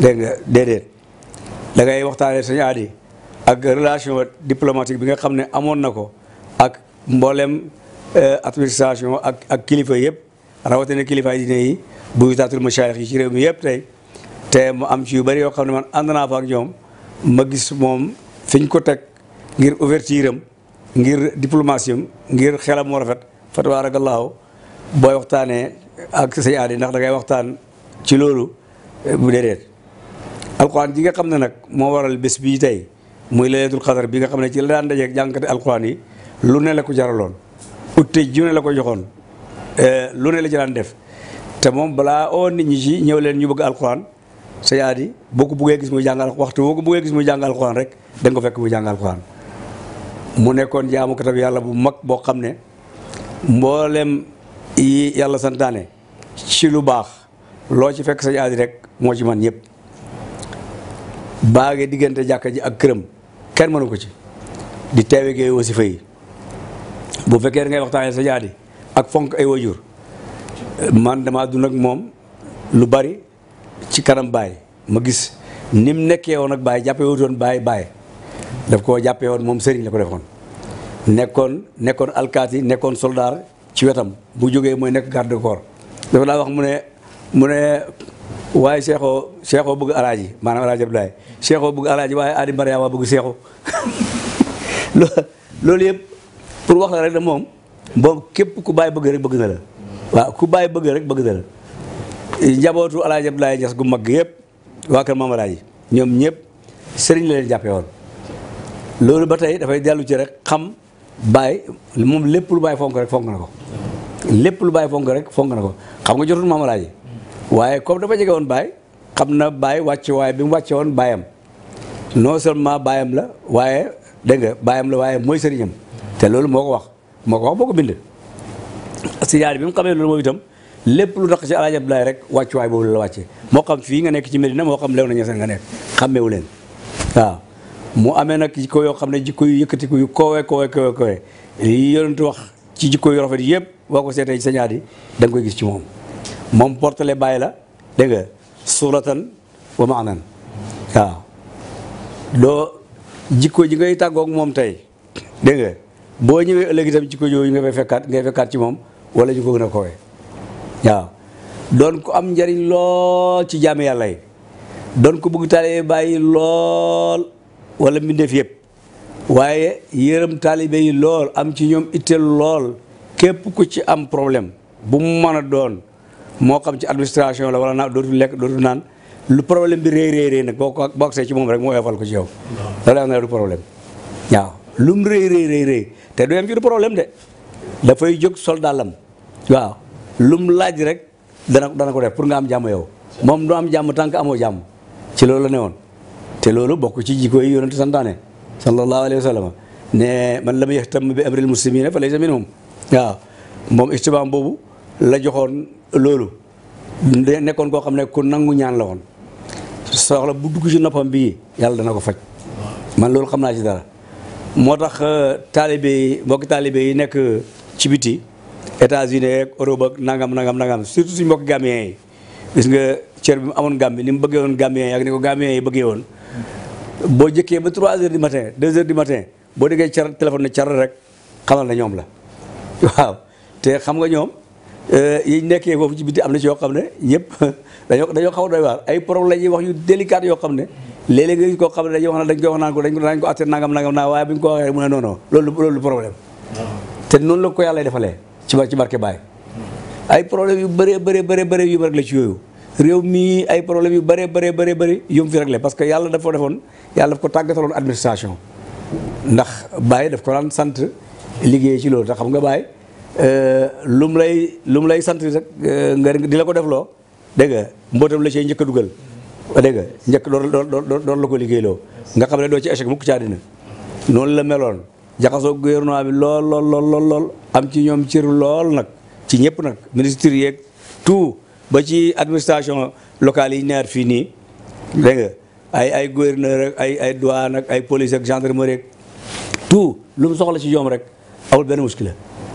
dégg nga déedéet da ngay waxtaanee sëriñ Hady ak relation diplomatique bi nga xam ne amoon na ko ak mboolem euh, administration ak ak kilifa yëpp. rawatina kilifaay diine yi buy taatul mashaayix yi ci réew mi tey te mu am ci yu bari yoo xam ne man ànd naa fa ak ñoom ma gis moom fiñ ko teg ngir ouverture ngir diplomatie ngir xelam moo rafet fa booy waxtaanee ak say aada ndax da ngay waxtaan ci loolu eh, bu déedéet alquran ji nga xam ne nag moo waral bés bii tey muy laylatul xadar bi nga xam ne ci la daan dajeeg jànkati alquran yi lu ne la ko jaraloon utte ju ne la joxoon Euh, lu ne la ci daan def te moom balaa oo nit ñi ci ñëw leen ñu bëgg alxuraan sëñ Adi boo ko buggee gis muy jàngal waxtu boo ko buggee gis jàngal alxuraan rek da ko fekk muy jàngal alxuraan mu nekkoon jaamukatab yàlla bu mag boo xam ne mboolem yi yàlla santaane ci lu baax loo ci fekk sëñ Adi rek moo ci man ñëpp baagee diggante jàkka ji ak këram kenn mënu ko ci di teewe gee wasifa yi bu fekkee da ngay waxtaanee sëñ Adi ak fonk ay wajur man dama dund ak moom lu bari ci kanam baay ma gis ni mu nekkee woon ak baay jàppee wutoon baay baay daf koo jàppee woon moom sëriñ la ko defoon nekkoon nekkoon alkaati nekkoon soldaar ci wetam bu jógee mooy nekk garde corps dafa daa wax mu ne mu ne waaye seexoo seexoo bëgg alaaji maanaam alaaji Abdoulaye seexoo bëgg alaaji waaye aadi Mariama bëgg seexoo loolu yëpp pour wax la rek ne moom boo képp ku bàyyi bëgg rek bëgg na la waaw ku bàyyi bëgg rek bëgg na la njabootu El Hadj Abdoulaye Niass gu mag yëpp waa kër Maam Alaaji ñoom ñëpp sëriñ la leen jàppee woon loolu ba tey dafay dellu ci rek xam bàyyi moom lépp lu baay fonk rek fonk na ko lépp lu bàyyi fonk rek fonk na ko xam nga jotul Maam Alaaji waaye comme dafa jege woon bàyyi xam na baay wàcce waaye bi mu wàcce woon baayam non seulement baayam la waaye dégg baayam la waaye mooy sëriñam te loolu moo ko wax moo ko wax boo ko bind siyaar bi mu xamee loolu moom itam lépp lu tax ci Alaaji Abdoulaye rek wàccuwaay boobu la la wàccee moo xam fii nga nekk ci Medina moo xam lew na ñeseen nga nekk xàmmeewu leen waaw mu amee nag jikko yoo xam ne jikko yu yëkkatiku yu koowee koowee koowee koowee yi yonent wax ci jikko yu rafet yëpp boo ko seetee ci yi da nga koy gis ci moom moom portale bàyyi la dégg nga suuratan wa maanan waaw doo jikko ji ngay tàggoog moom tey dégg boo ñëwee ëllëg itam jikko yooyu nga fay fekkaat ngay fekkaat ci moom wala ñu ko na a kowee doon ko am njariñ lool ci jaami yàlla yi doon ko bëgg taalibe bàyyi lool wala mbindeef yëpp waaye yërëm taalibe yi lool am ci ñoom itteel lool képp ku ci am problème bu mu mën a doon moo xam ci administration la wala naa dootul lekk dootul naan lu problème bi réy réy réy nag ko boo agsee ci rek moo ko ci te du yem ci du problème de dafay jok sol dàllam waaw lum laaj rek dana dana ko def pour nga am jàmm yow moom du am jàmm tant que amoo jàmm ci loolu la ne woon te loolu bokk ci jiko yi yonente santaane sallallahu alayhi wa sallam ne man lam yahtam bi amril muslimina fa laysa minhum waaw moom istibaam boobu la joxoon loolu nekkoon koo xam ne ku nangu ñaan la woon soxla bu dugg ci noppam bii yàlla dana ko faj man loolu xam naa ci dara moo tax euh, taalibe yi mbokki taalibe yi nekk ci biti États-Unis ak Europe ak nangam nangam nangam surtout suñu mbokki Gambien yi gis nga cër bi mu amoon Gambie ni mu bëggee woon Gambien yi ak ni ko Gambien yi bëggee woon boo jëkkee ba 3 heures du matin 2 heures di matin boo degee car téléphone ne car rek xamal na ñoom la waaw te xam nga ñoom euh, yiñ nekkee foofu ci biti am na ci yoo xam ne ñëpp dañoo dañoo xaw a doy waar ay problème yi wax yu délicat yoo xam ne léeg-léeg nga gis koo xam ne dañuy wax dañ koy wax naan ko dañ ko dañ ko atte nangam nangam naa waaye bu ko waxee mu ne non noonu la ko yàlla defalee ci ci barke Baay ay problème yu bëree bëree bëree bëri yu mu réglé ci yooyu réew mii ay problème yu bëree bëree bëree bëri yu mu le réglé parce que yàlla dafa defoon yàlla daf ko tàggataloon administration ndax Baay daf ko daan sant liggéey ci loolu ta xam nga Baay euh, lum lay lum lay sant rek euh, nga di la ko def loo nga mbootam la cee njëkk dugal. dégg nga njëkk loolu loolu la ko liggéeyloo nga xam ne doo ci échec mukk ci àddina noonu la meloon jaxasoo gouvernement bi lool lool lool lool am ci ñoom cër lool nag ci ñëpp nag ministre yeeg tout ba ci administration locale yi ñaar fii nii dégg nga ay ay gouverneur ak ay ay douane ak ay police ak gendarmerie ak tout lu mu soxla ci ñoom rek awul benn muskila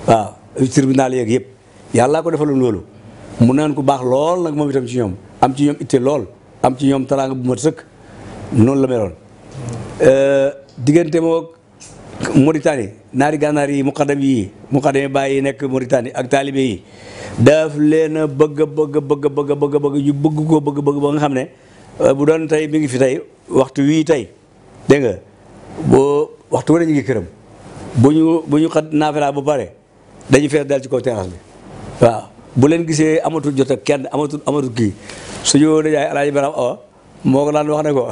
waaw tribunal yeeg yëpp yàllaa ko defaloon loolu mu naan ku baax lool nag moom itam ci ñoom am ci ñoom lool am ci ñoom taraanga bu mat sëkk noonu la meloon euh, diggante moog Mauritanie naari gànnaar yi muqaddam yi muqaddam bàyyi yi nekk Mauritanie ak taalibe yi daf leen a bëgg bëgg bëgg bëgg bëgg bëgg ñu bëgg koo bëgg bëgg ba nga xam ne euh, bu doon tey mi ngi fi tey waxtu wii tey dégg nga boo waxtu wala ñu ngi këram bu ñu bu ñu xat naafela ba pare dañu fees dal ci kaw terrasse bi waaw bu leen gisee amatul jot ak kenn amatu amatu kii suñu nijaay alaaji baram awa oh, moo ko daan wax ne ko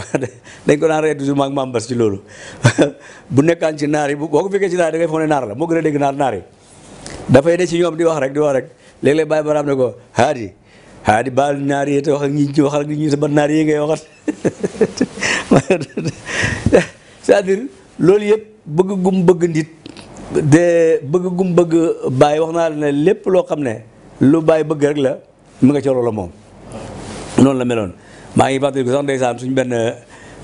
ko daan ree toujours maag maam bas ci loolu bu nekkaan ci naar yi bu ko fekkee ci naar yi da foog naar la moo gën a dégg naar naar yi dafay ne si ñoom di wax rek di wax rek léeg-léeg bàyyi baraam ne ko haadi haadi baal naar yi te wax ak ñi ci waxal ak sa ban naar yi ngay waxat cest à loolu yëpp bëgg gum bëgg ndit de bëgg gum bëgg bàyyi wax naa ne lépp loo xam ne lu bàyyi bëgg rek la mu nga ca loola moom noonu la meloon maa ngi fàttali ko sax ndeysaan suñu benn eh,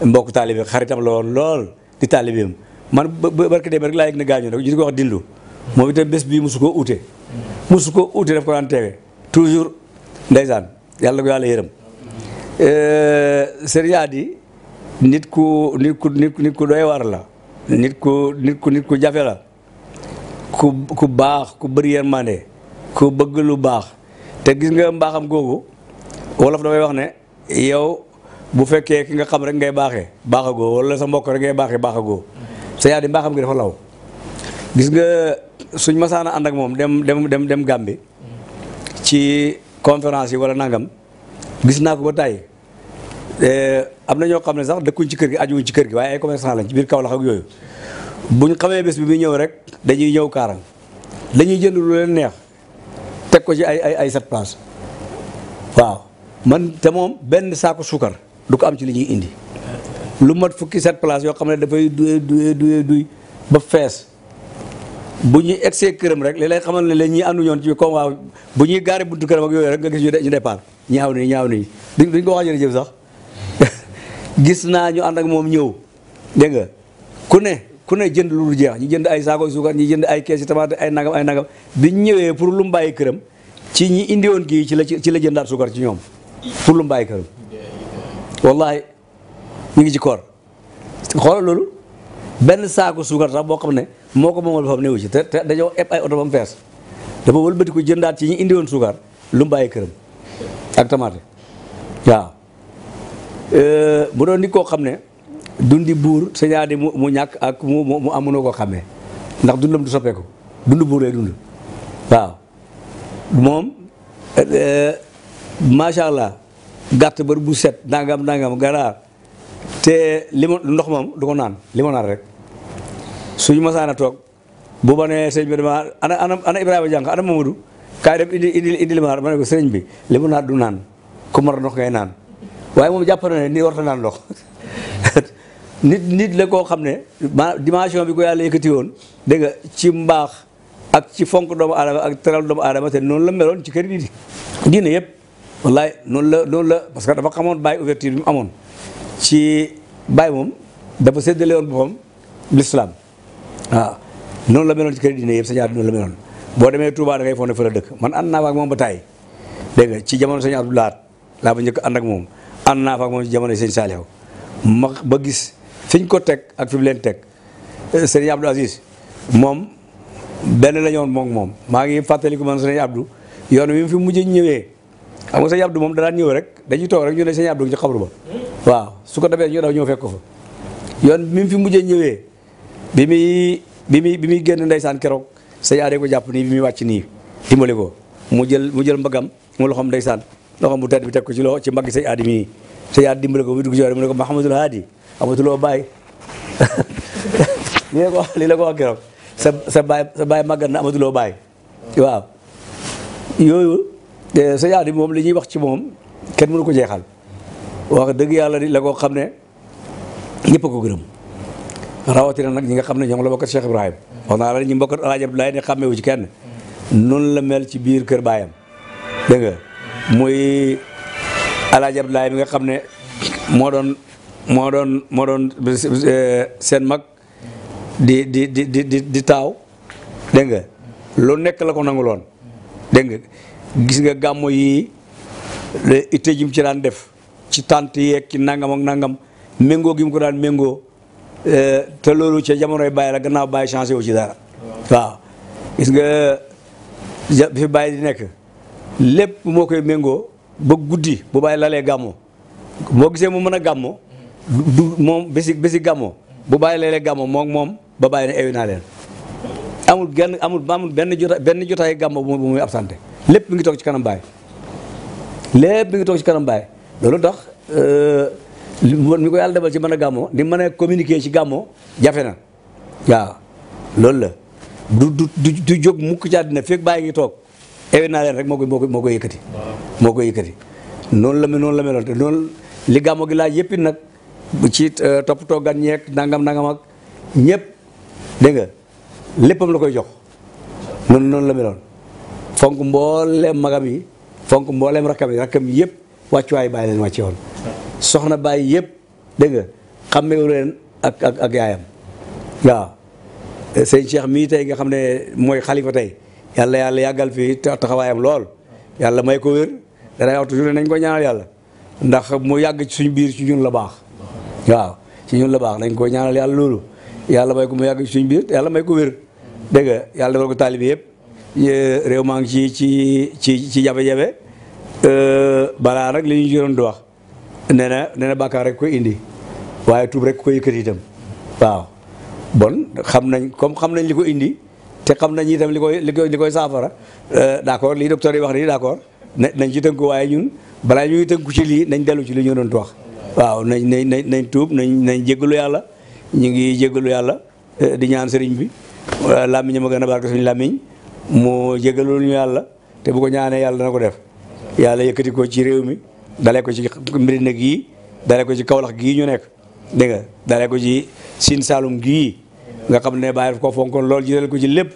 mbokk taalibe xaritam la woon lool di taalibeem man barke dem rek laa yëg na gaañu rek ñu ko wax dindu moom itam bés bii mosu koo uute mosu koo uute daf ko daan teewe toujours ndeysaan yàlla ko yàlla yërëm eh, sëriñ Adi nit ku nit ku nit ku doy war la nit ku nit ku nit ku jafe la ku ku baax ku bëri yërmande ku bëgg lu baax te gis nga mbaaxam googu wolof damay wax ne yow bu fekkee ki nga xam rek ngay baaxee baaxagoo wala sa mbokk rek ngay baaxee baaxagoo sa yaa di mbaaxam gi dafa law gis nga suñ masaana ànd moom dem dem dem dem Gàmbi ci conférence yi wala nangam gis naa ko ba tàyyi eh, am na ñoo xam ne sax dëkkuñ ci kër gi ajuwuñ ci kër gi waaye ay commerçant lañ ci biir Kaolack ak yooyu buñ xamee bés bi muy ñëw rek dañuy ñëw kaarang dañuy jënd lu leen neex teg ko ci ay ay ay sept place waaw man te moom benn saako suukar du ko am ci li ñuy indi lu mat fukki sept place yoo xam ne dafay duy duy duy ba fees bu ñuy egsee këram rek li lay xamal ne la ñuy ànduñoon ci comme waaw bu ñuy gaaree buntu këram ak yooyu rek nga gis ñu départ ñaaw nii ñaaw nii duñ ko wax jërëjëf sax gis naa ñu ànd ak moom ñëw dégg nga ku ne. ku ne jënd lu jeex ñi jënd ay saako suukar ñi jënd ay kees yi tamaate ay nagam ay nagam biñ ñëwee pour lu mu bàyyi këram ci ñi indi woon kii ci la ci la jëndaat suukar ci ñoom pour lu mu bàyyi këram wallahi ñu ngi ci koor xoolal loolu benn saako suukar sax boo xam ne moo ko moomal fam néew ci te dañoo eb ay oto ba mu jëndaat ci ñi indi woon suukar lu mu bàyyi këram ak tamaate waaw euh, bu doon nit koo xam ne dundi buur sa ñaari mu mu ñàkk ak mu mu amunoo ko xamee ndax dundam du soppeeku dund buur lay dund waaw moom euh, macha allah gàtt bër bu set nangam nangam garaar te limo ndox moom du ko naan limonade rek suñu masaan a toog bu ma nee bi dama ana ana Ibrahima jànq ana Mamadou kaay dem indi indi indi limonade ma bi limonade du naan ku mar ndox ngay naan waaye moom jàpp na warta naan ndox. nit nit la koo xam ne ma dimension bi ko yàlla yëkkati woon dégg nga ci mbaax ak ci fonk doomu aadama ak teral doomu aadama te noonu la meloon ci kër diine diine yëpp wallaay noonu la noonu la parce que dafa xamoon baay ouverture bi mu amoon ci baay moom dafa séddale woon boppam l'islam waaw noonu la meloon ci kër diine yëpp sëñ Abdou la meloon boo demee Touba da ngay foog ne fa la dëkk man ànd naa moom ba taay dégg nga ci jamono sëñ Abdou Lahat laa ba njëkk ànd ak moom ànd naa fa ak moom ci jamono sëñ Saliou ma ba gis fiñ ko teg ak fi leen teg eh, sëriñ Abdou Aziz moom benn la ñoon moom moom maa ngi fàttaliku man sëriñ Abdou yoon wi fi mujj ñëwee xam nga sëriñ moom danaan ñëw rek dañuy toog rek ñu ne sëriñ Abdou ci xabru ba waaw su ko defee ñu daw ñëw fekk fa yoon bi fi mujjee ñëwee bi muy bi muy bi muy génn ndeysaan keroog sëriñ Adé ko jàpp nii bi muy wàcc nii dimbali ko mu jël mu jël mbagam mu loxoom ndeysaan loxoom bu tedd bi teg ko ci loxo ci mbaggi sëriñ Adé mii sëriñ Adé dimbali ko mu dugg ci yoon mu ne amatuloo bàyyi lii la ko wax lii la ko wax keroog sa sa yooyu eh, sëñ Aliou moom li ñuy wax ci moom kenn mënu ko jeexal wax dëgg yàlla di la koo xam ne ñëpp a ko gërëm nag ñi nga xam ne ñoom la bokkat Cheikh Ibrahima wax naa la ñu mbokkat El Hadj Abdoulaye ne ci kenn noonu la mel ci biir kër baayam dégg muy El Hadj Abdoulaye bi nga xam ne moo moo doon moo doon eh, seen mag di di di di di taaw dégg nga lu nekk la ko nanguloon dégg nga gis nga gàmmu yi itte jim ci daan def ci tànt yeeg ci nangam nangam méngoo gi mu ko daan méngoo eh, te loolu ca jamonoy bàyyi la gannaaw bàyyi changé wu ci dara waaw gis nga bi fi bàyyi di nekk lépp moo koy méngoo ba guddi bu bàyyi lalee gàmmu boo gisee mu mën a gàmmu du moom bési bési gàmmo bu bàyyi léeg-léeg gàmmo moom moom ba bàyyi ne ewi naa leen amul genn amul amul benn jotaay benn jotaay gàmmo bu muy absenté lépp mi ngi toog ci kanam bàyyi lépp mi ngi toog ci kanam bàyyi loolu tax euh, mi ko yàlla defal ci mën a gàmmo di mën a ci gàmmo jafe na waaw la du du du jóg mukk ci àddina fekk bàyyi ngi toog ewi naa leen rek moo koy moo koy moo koy yëkkati moo koy yëkkati noonu la mel noonu la meloon te noonu li gàmmo gi laaj yëpp nag ci euh, toppatoo gan ñeeg nangam nangam ak ñëpp dégg nga léppam lu koy jox noonu noonu la meloon fonk mbooleem magam yi fonk mbooleem rakkam yi rakkam yëpp wàccuwaay bàyyi leen wàcce woon soxna bàyyi yëpp dégg xam xàmmewu leen ak ak ak yaayam waaw sëñ Cheikh mii tey nga xam ne mooy xalifa tey yàlla yàlla yàggal fii taxawaayam lool yàlla may ko wér dana wax toujours nañ ko ñaanal yàlla ndax mu yàgg ci suñ biir ci ñun la baax waaw ci ñun la baax dañ koy ñaanal yàlla loolu yàlla may ko mu yàgg suñ biir yàlla may ko wér dégg nga yàlla defal ko taalibe yëpp réew maa ngi ci ci ci ci jafe-jafe balaa nag li ñu jëloon di wax nee na nee na rek koy indi waaye tuub rek koy yëkkati itam waaw bon xam nañ comme xam nañ li ko indi te xam nañ itam li koy li koy li koy saafara d'accord lii docteur yi wax nii d'accord nañ ci ko waaye ñun balaa ñuy tënku ci lii nañ dellu ci li ñu doon wax. waaw nañ nañ nañ nañ tuub nañ nañ jégalu yàlla ñu ngi jégalu yàlla eh, di ñaan sëriñ bi làmmiñ ma a barke suñ làmmiñ mu jégalul ñu yàlla te bu ko ñaanee yàlla dana ko def yàlla yëkkati ci réew mi dalee ko ci Médina gii dalee ko ci Kaolack gii ñu nekk dégg nga dalee ko ci Sine Saalum gii nga xam ne bàyyi daf ko fonkoon lool jëlee ko ci lépp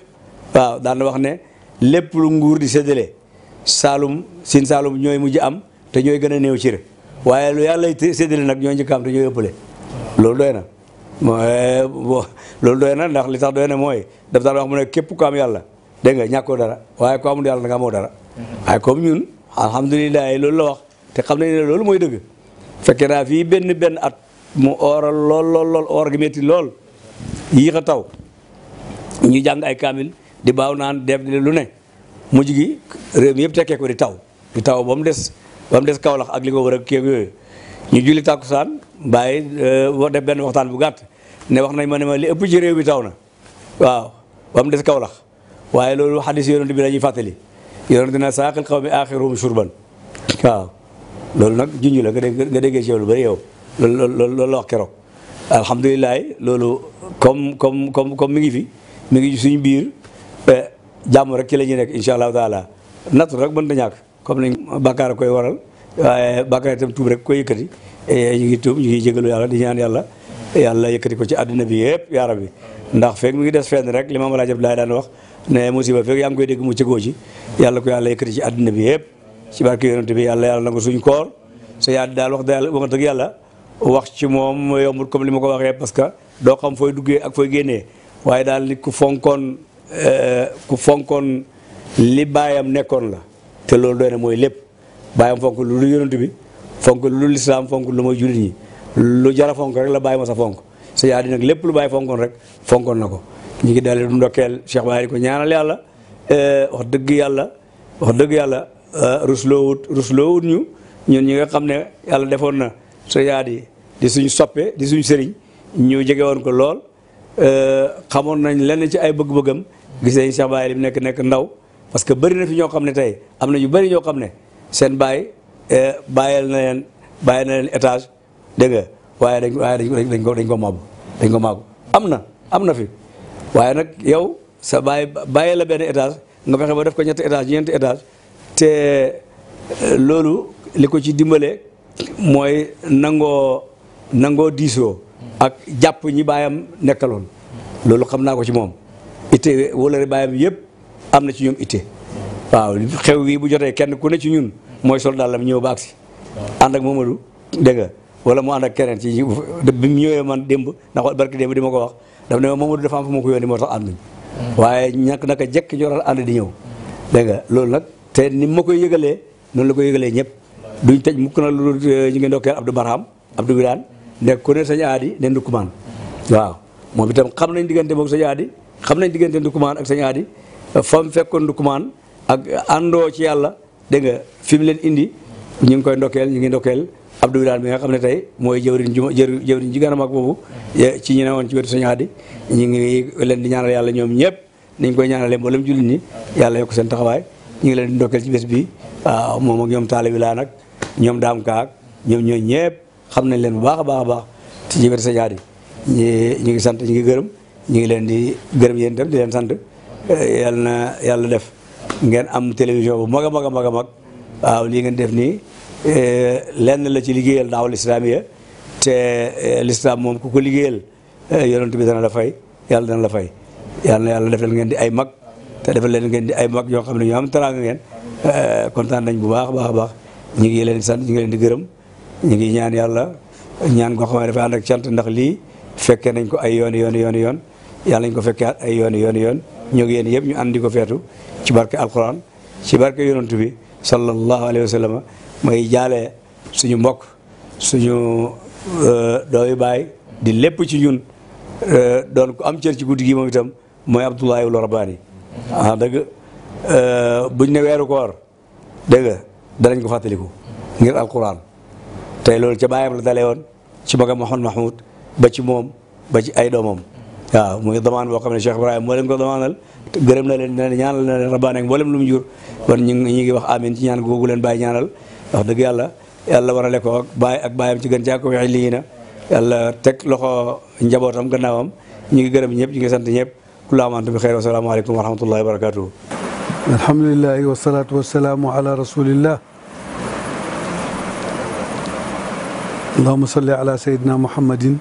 waaw daan na wax ne lépp lu nguur di séddale Saalum Sine Saalum ñooy mujj am te ñooy gën a néew ci waaye lu yàlla séddale nag ñoo njëkk am te ñoo ëppale loolu doy na bon loolu na ndax li tax doy na mooy daf daan mu ne képp ku am yàlla dégg nga ñàkkoo dara waaye ku amul yàlla nag amoo dara waaye kom ñun alhamdulilah loolu la wax te xam nañ ne loolu mooy dëgg fekkee naa fii benn benn at mu ooral lool lool lool gi métti lool yéex a taw ñu jàng ay kaamil di baaw naan def lu ne mujj gi réew mi yëpp tekkee ko di taw di taw ba des ba des Kaolack ak li nga wër ak kii yooyu ñu julli tàkkusaan bàyyi euh, war def benn waxtaan bu gàtt ne wax nañ ma ne ma li ëpp ci réew bi taw na waaw ba des Kaolack waaye loolu xadis yonent bi la ñuy fàttali yonent na saaqil xaw mi aaxiruhum shurban waaw loolu nag junj la nga dégg nga déggee ci yow lu bëri yow loolu loolu loolu la wax keroog loolu comme comme comme comme mi ngi fi mi ngi suñu biir euh, jàmm rek ci la ñuy nekk incha allahu taala natt rek mën na ñàkk. comme ni bàkkaar koy waral waaye bàkkaar itam rek koy yëkkati eh, ñu ngi tuub ñu ngi jégalu yàlla di ñaan yàlla yàlla yëkkati ko ci bi yëpp yaara bi ndax feeg mi ngi des fenn rek li ma laaj Abdoulaye daan wax ne musiba feeg yaa ngi koy dégg mu cëgoo ci yàlla ko yàlla yëkkati ci àdduna bi yëpp ci barke yonent bi yàlla yàlla nangu suñ koor sa yaa daal wax daal wax yàlla wax ci moom yombul comme li ma ko waxee parce que doo xam fooy duggee ak fooy génnee waaye daal nit ku fonkoon eh, ku fonkoon li baayam nekkoon la te loolu doy na mooy lépp bàyyi ma fonk lu dul yonent bi fonk lu dul islaam fonk lu mooy jullit ñi lu jara fonk rek la bàyyi ma sa fonk sa yaa nag lépp lu bàyyi fonkoon rek fonkoon na ko ñu ngi dalee du ndokkeel Cheikh Baye di ko ñaanal yàlla eh, wax dëgg yàlla wax dëgg yàlla eh, rusloowut rusloowut ñu ñun ñi nga xam ne yàlla defoon na sa yaa di di suñu soppe di suñ sëriñ ñu jege woon ko lool eh, xamoon nañ lenn ci ay bëgg-bëggam gisee nañ Cheikh Baye li mu nekk nekk ndaw parce que bari na fi ñoo xam ne tey am na ñu bari ñoo xam ne seen baay eh, bàyyil na leen bàyyi na leen étage dégg nga waaye dañ waaye dañ ko dañ ko maabu dañ ko am na am na fi waaye nag yow sa baay bàyyi la benn étage nga fexe ba def ko ñetti étage ñeenti étage te eh, loolu li ko ci dimbale mooy nangoo nangoo diisoo ak jàpp ñi baayam nekkaloon loolu xam naa ko ci moom ite wóolare baayam yëpp am na ci ñoom itte waaw xew wi bu jotee kenn ku ne ci ñun mooy sol dàllam ñëw ba agsi ànd ak Mamadou dégg nga wala mu ànd ak keneen ci bi mu ñëwee man démb ndax barki démb di ma ko wax daf ne Mamadou dafa am fu ma ko yónni moo tax am ànduñ waaye ñàkk naka jekk ñoral ànd di ñëw dégg nga loolu nag te ni ma koy yëgalee noonu la koy yëgalee ñëpp duñ tëj mukk na lu euh, ñu ngi ndokkeel Abdou Barham Abdou Birane nekk ku ne sañ aadi ne ndukumaan waaw moom itam xam nañ diggante moom sañ aadi xam nañ diggante ndukumaan ak sañ aadi fa mu fekkoon Ndoukoumane ak àndoo ci yàlla dégg fi mu leen indi ñu ngi koy ndokkeel ñu ngi ndokkeel Abdou Wilane bi nga xam ne tey mooy jëwriñ ju jëwriñ ji gën a mag boobu ci ñu ne woon ci wetu Sëñ Hadi ñu ngi leen di ñaanal yàlla ñoom ñëpp nañ koy ñaanalee mboolem jullit ñi yàlla yokk seen taxawaay ñu ngi leen di ndokkeel ci bés bi waaw moom ak ñoom Talla Wilane ak ñoom Daam Kaak ñoom ñooy ñëpp xam nañ leen bu baax a baax a baax ci wetu Sëñ Hadi ñu ngi sant ñu ngi gërëm ñu ngi leen di gërëm yéen itam leen sant yàlla na yàlla def ngeen am télévision bu mag a mag a mag a lii ngeen def nii eh, lenn la ci liggéeyal daawal islaamiya te eh, l'islam moom ku ko liggéeyal eh, yonent bi dana la fay yàlla dana la fay yàlla na yàlla defal ngeen di ay mag te def leen ngeen di ay mag yoo xam ne ñoo am teraanga ngeen kontaan nañ bu baax baax baax ñu ngi leen di sant ñu ngi leen di gërëm ñu ngi ñaan yàlla ñaan goo xam ne dafa ànd ak cant ndax lii fekkee nañ ko ay yoon yoon yoon yoon yàlla nañ ko fekkee ay yoon yoon yoon ñoo ngi yéen yëpp ñu àndi ko feetu ci barke alquran ci barke yonantu bi sallallahu alayhi wa sallam may jaalee suñu mbokk suñu euh, dooyu baay di lépp ci ñun euh, doon ko am cër ci guddi gi moom itam mooy Abdullahi wul Rabbani ah dëgg euh, buñ ne weeru koor dëgg danañ ko fàttaliku ngir alquran tey loolu ca baayam la dalee woon ci magam Mouhamed Mahmoud ba ci moom ba ci ay doomam. waaw muy damaan boo xam ne Cheikh Ibrahima moo leen ko damaanal gërëm na leen ne ñaanal na leen rabbaan ak mboolem lu mu jur kon ñu ngi ñu ngi wax amin ci ñaan googu leen bàyyi ñaanal wax dëgg yàlla yàlla warale ko ak bàyyi ak bàyyam ci gën càako wexe lii na yàlla teg loxo njabootam gannaawam ñu ngi gërëm ñëpp ñu ngi sant ñëpp kulaamanta bi xeyr wasalaamaaleykum wa rahmatullahi wa barakatuhu alhamdulilahi wasalaatu wasalaamu ala rasulillah allahuma salli ala sayidina muhammadin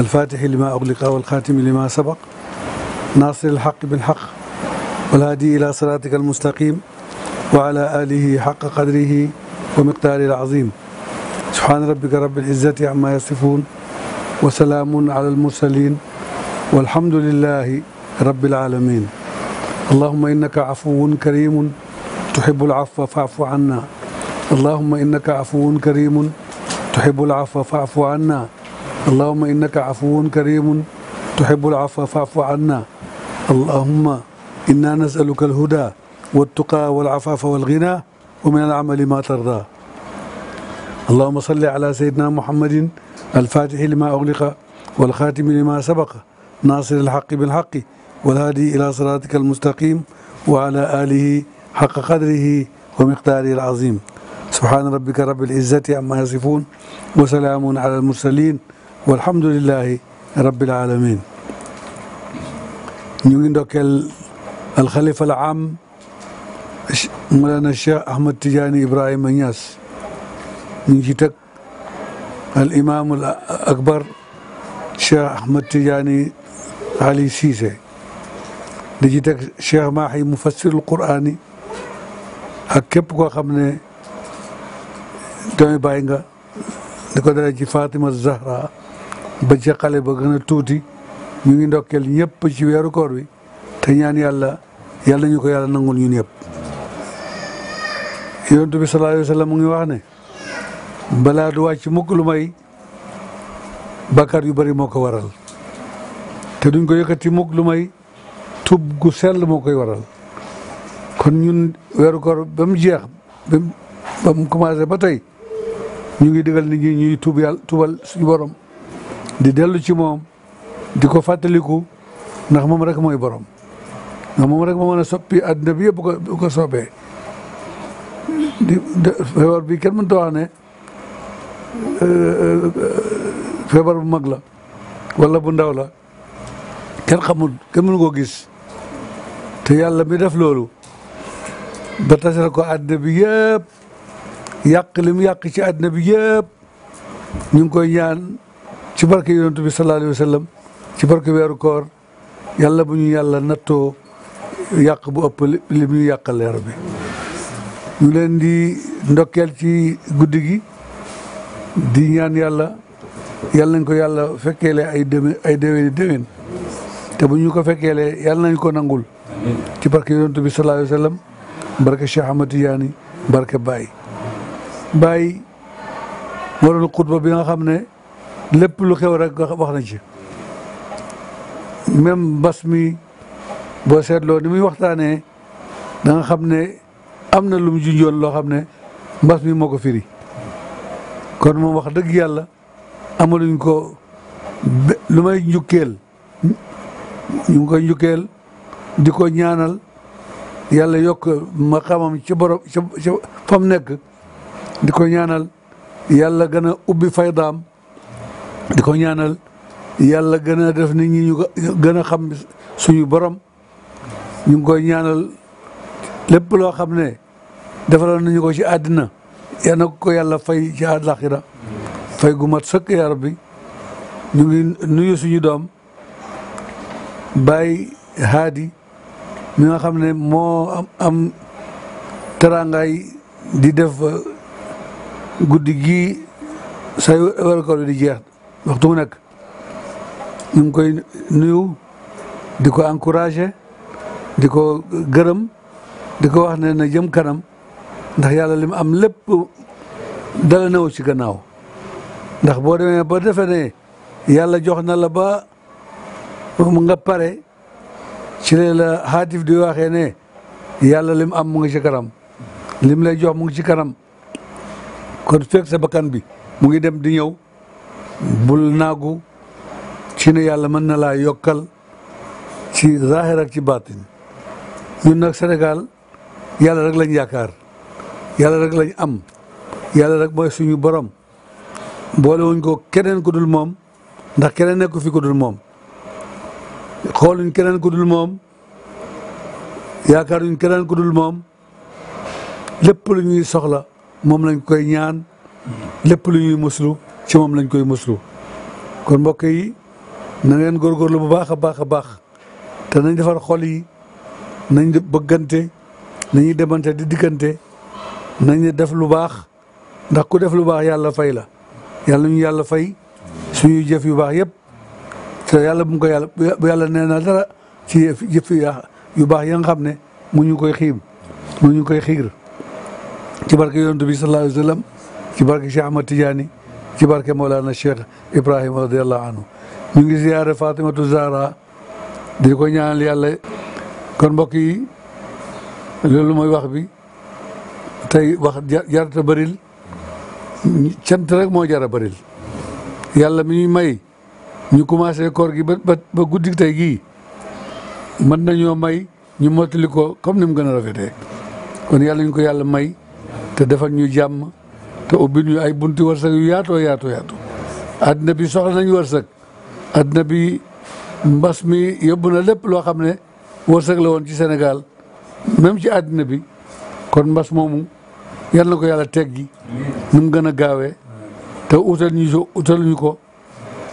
الفاتح لما أغلق والخاتم لما سبق ناصر الحق بالحق والهادي إلى صراطك المستقيم وعلى آله حق قدره ومقداره العظيم سبحان ربك رب العزة عما يصفون وسلام على المرسلين والحمد لله رب العالمين اللهم إنك عفو كريم تحب العفو فاعف عنا اللهم إنك عفو كريم تحب العفو فاعف عنا allahumma innaka afuwun karimun tuhibbul afwa fa'fu anna allahumma inna nas'aluka alhuda والتقى والعفاف والغنى ومن العمل ما ترضى اللهم صل على سيدنا محمد الفاتح لما أغلق والخاتم لما سبق ناصر الحق بالحق والهادي إلى صراطك المستقيم وعلى آله حق قدره ومقداره العظيم سبحان ربك رب العزة عما يصفون وسلام على المرسلين walhamdulilahi rabbil alamin ñu ngi ndokkeel alxalifa al am Mawlana Cheikh Ahmad Tidiane Ibrahima Niass ñu ngi ci teg al imam al akbar Cheikh Ahmad Tidiane Ali Cissé di ci teg Cheikh Mahi mufassirul qur'ani ak képp koo xam ne doomi bàyyi nga di ko dara ci Fatima Zahra ba ci xale ba ga a tuuti ñu ngi ndokkeel ñëpp ci weeru koor wi te ñaan yàlla yàlla ñu ko yàlla nangul ñun ñëpp yonent bi sallallahu alayhi mu ngi wax ne balaa du wàcc mukk lu may bàkkaar yu bari moo ko waral te duñ ko yëkkati mukk lu may tub gu sell moo koy waral kon ñun weeru koor ba mu jeex ba mu commencé ba tey ñu ngi digal nit ñi ñuy tub yàlla tubal suñu borom di dellu ci moom di ko fàttaliku ndax moom rek mooy borom ndax moom rek moo mën a soppi àddina bi yëpp bu ko soobee di bi kenn mënta wax ne euh, euh, feebar bu mag la wala bu ndaw la kenn xamul kenn mënu koo gis te yàlla mi def loolu ba tasal ko àddina bi yëpp yàq li mu yàq ci àddina bi yëpp ñu ngi koy ñaan ci barke yonent bi sallallahu alayhi wa sallam ci barke weeru koor yàlla bu ñu yàlla nattoo yàq bu ëpp li muy yàqal leer leen di ndokkeel ci guddi gi di ñaan yàlla yàlla nañ ko yàlla fekkeele ay déwén ay déwéni te bu ñu ko fekkeelee yàlla nañ ko nangul ci barke yonent bi sallallahu alayhi wa sallam barke Cheikh Ahmad Tidiane barke Baye Baye moo doon xutba bi nga xam ne lépp lu xew rek wax na ci même mbas mi boo seetloo ni muy waxtaanee da nga xam ne am na lu mu junjoon loo xam ne mbas mi moo ko firi kon moom wax dëgg yàlla amaluñ ko lu may njukkeel ñu ngi koy njukkeel di ko ñaanal yàlla yokk ma xamam ci mu nekk di ko ñaanal yàlla gën a ubbi faydaam di ko ñaanal yàlla gën a def nit ñu gën a suñu borom ñu ngi koy ñaanal lépp loo xam ne defaloon nañu ko ci àddina yal ko yàlla fay ci àllaaxira fay gu mat sëkk yaa bi ñu ngi suñu doom bay Haadi mi nga xam ne moo am am teraangaay di def uh, guddi gii say wér koor di jeex waxtu nag ñu ngi koy nuyu di ko encouragé di ko gërëm di ko wax ne na jëm kanam ndax yàlla li mu am lépp dala newu ci gannaaw ndax boo demee ba defee ne yàlla jox nala ba mu nga pare ci lee la xaatif di waxee ne yàlla lim am mu ngi ci kanam lim lay jox mu ngi ci kanam kon fekk sa bakkan bi mu ngi dem di ñëw bul naagu ci ne yàlla mën na laa yokkal ci zaahir ak ci baatin ñun nag Sénégal yàlla rek lañ yaakaar yàlla rek lañ am yàlla rek mooy suñu borom boolewuñ ko keneen ku dul moom ndax keneen nekku fi ku dul moom xooluñ keneen ku dul moom yaakaaruñ keneen ku dul moom lépp lu ñuy soxla moom lañ koy ñaan lépp lu ñuy muslu ci moom lañ koy muslu kon mbokk yi na ngeen góorgóorlu bu baax a baax a baax te nañ defar xol yi nañ bëggante nañuy demante di diggante nañ def lu baax ndax ku def lu baax yàlla fay la yàlla ñu yàlla fay suñuy jëf yu baax yëpp te yàlla bu mu ko yàlla yàlla nee na dara ci jëf yu baax ya nga xam ne mu ñu koy xiim mu ñu koy xiir ci barke yonent bi sallallahu alayhi wa sallam ci barke Cheikh Ahmad Tidiane ci barke Mawlana Cheikh Ibrahima radiallahu anhu mu ngi ziyaare Fatimatu Zahra di ko ñaanal yàlla kon mbokk yi loolu mooy wax bi tey wax jarata bëril cant rek jar a bëril yàlla mi ñuy may ñu commencé koor gi ba ba guddi tey gii mën nañoo may ñu mottali ko comme ni mu gën a rafetee kon yàlla ñu ko yàlla may te defal ñu jàmm te ubbil ñu ay bunti wërsëg yu yaatoo yaatu yaatu addina bi soxla nañ wërsëg addina bi mbas mi yóbbu na lépp loo xam ne wërsëg la woon ci Sénégal même ci addina bi kon mbas moomu yal na ko yàlla teggi nu mu gën a gaawee te utal ñu so ko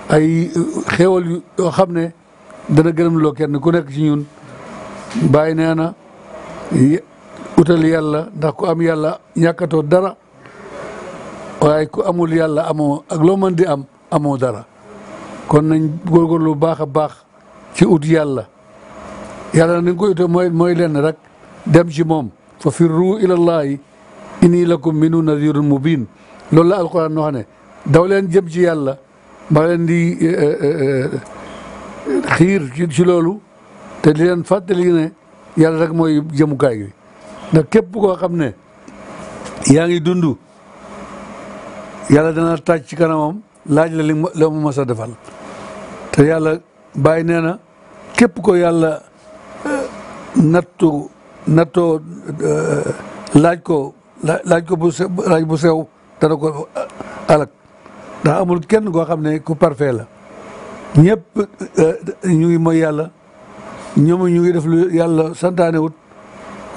ay uh, xéewal yu yoo xam ne dana gërëm loo kenn ku ci ñun bàyyi nee na utal yàlla ndax ku am yàlla ñàkkatoo dara waaye ku amul yàlla amoo ak loo mën di am amoo dara kon nañ góorgóorlu lu baax a baax ci ut yàlla yàlla nañ ko ute mooy mooy lenn rek dem ci moom fa firru ilallahi inni lakum minu nadirun mubin loolu la alquran wax daw leen jëm ci yàlla ma leen di eh, eh, eh, xiir ci loolu te di leen fàttali ne yàlla rek mooy jëmukaay bi ndax képp koo xam ne yaa ngi dundu yàlla dana taaj ci kanamam laaj la li la mu mas a defal yàlla bàyyi nee na képp ko yàlla eh, nattu nattoo eh, laaj ko laaj ko bu laaj bu sew dana ko eh, alak ndax amul kenn koo xam ne ku parfait la ñëpp ñu ngi mooy yàlla ñoom ñu ngi def lu yàlla santaane wut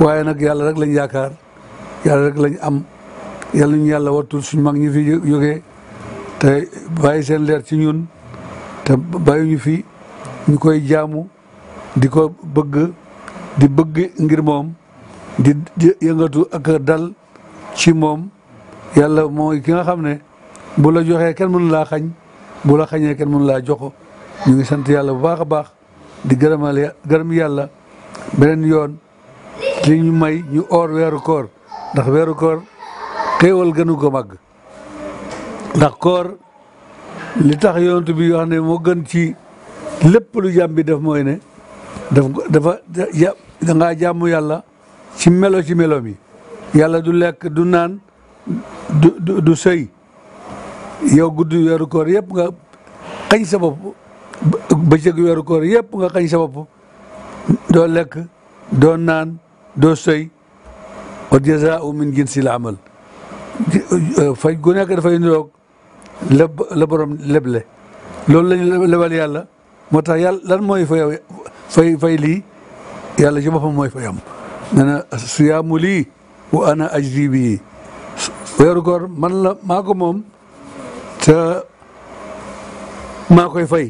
waaye nag yàlla rek lañ yaakaar yàlla rek lañ am yàlla ñu yàlla wattul suñ mag ñi fi jógee te bàyyi seen leer ci ñun te bàyyi ñu fi ñu koy jaamu di ko bëgg di bëgg ngir moom di yëngatu ak dal ci moom yàlla mooy ki nga xam ne bula la joxee kenn mënu laa xañ bu la xañee kenn mënu laa joxo ñu ngi sant yàlla bu baax a baax di gërëmal gërëm yàlla beneen yoon li ñu may ñu oor weer koor ndax weeru koor xéewal gënu ko màgg ndax koor li tax yonent bi yoo ne moo gën ci lépp lu jàmm bi def mooy ne daf dafa da ngaa jàmm yàlla ci melo ci melo mi yàlla du lekk du naan du du du sëy yow gudd weeru koor yëpp nga xañ sa bopp bëccëg weeru koor yëpp nga xañ sa bopp doo lekk doo naan doo sëy wa jazaau min jinsil amal fay gu nekk dafay niroog la la borom leble loolu lañ lebal yàlla moo tax yàlla lan mooy fay fay fay lii yàlla ci mooy fayam nee na siyaamu lii wa ana ajzi bii weeru koor man la maa moom te maa koy fay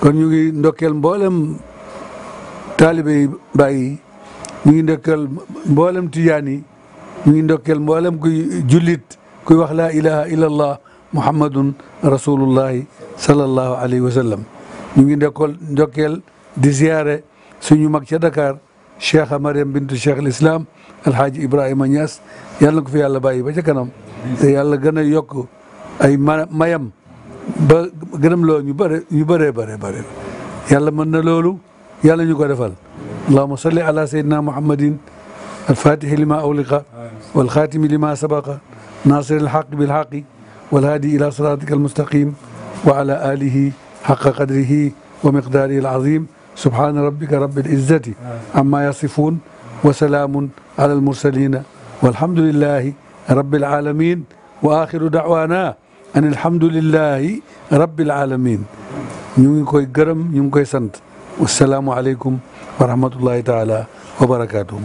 kon ñu ngi ndokkeel mboolem taalibe yi bàyyi ñu ngi ndokkeel mboolem tijaan yi ñu ngi ndokkeel mboolem kuy jullit kuy wax laa ilaha illa allah muhammadun rasulullahi sallallahu alayhi wa sallam ñu ngi ndokkool ndokkeel di ziyaare suñu mag ca Dakar cheikh Mariam bintu cheikh al alhaaji Ibrahima Niass yàlla na ko fi yàlla bàyyi ba ca kanam te yàlla gën a yokk ay mayam ba gërëm loo ñu bëre ñu bëree yàlla mën na loolu yàlla ñu ko defal allahuma salli ala sayyidina muhammadin الفاتح لما أغلق والخاتم لما سبق ناصر الحق بالحق والهادي إلى صراطك المستقيم وعلى آله حق قدره ومقداره العظيم سبحان ربك رب العزة عما يصفون وسلام على المرسلين والحمد لله رب العالمين وآخر دعوانا أن الحمد لله رب العالمين ñu ngi koy gërëm ñu ngi koy sant wasalaamualeykum wa rahmatullahi taala wa barakaatu.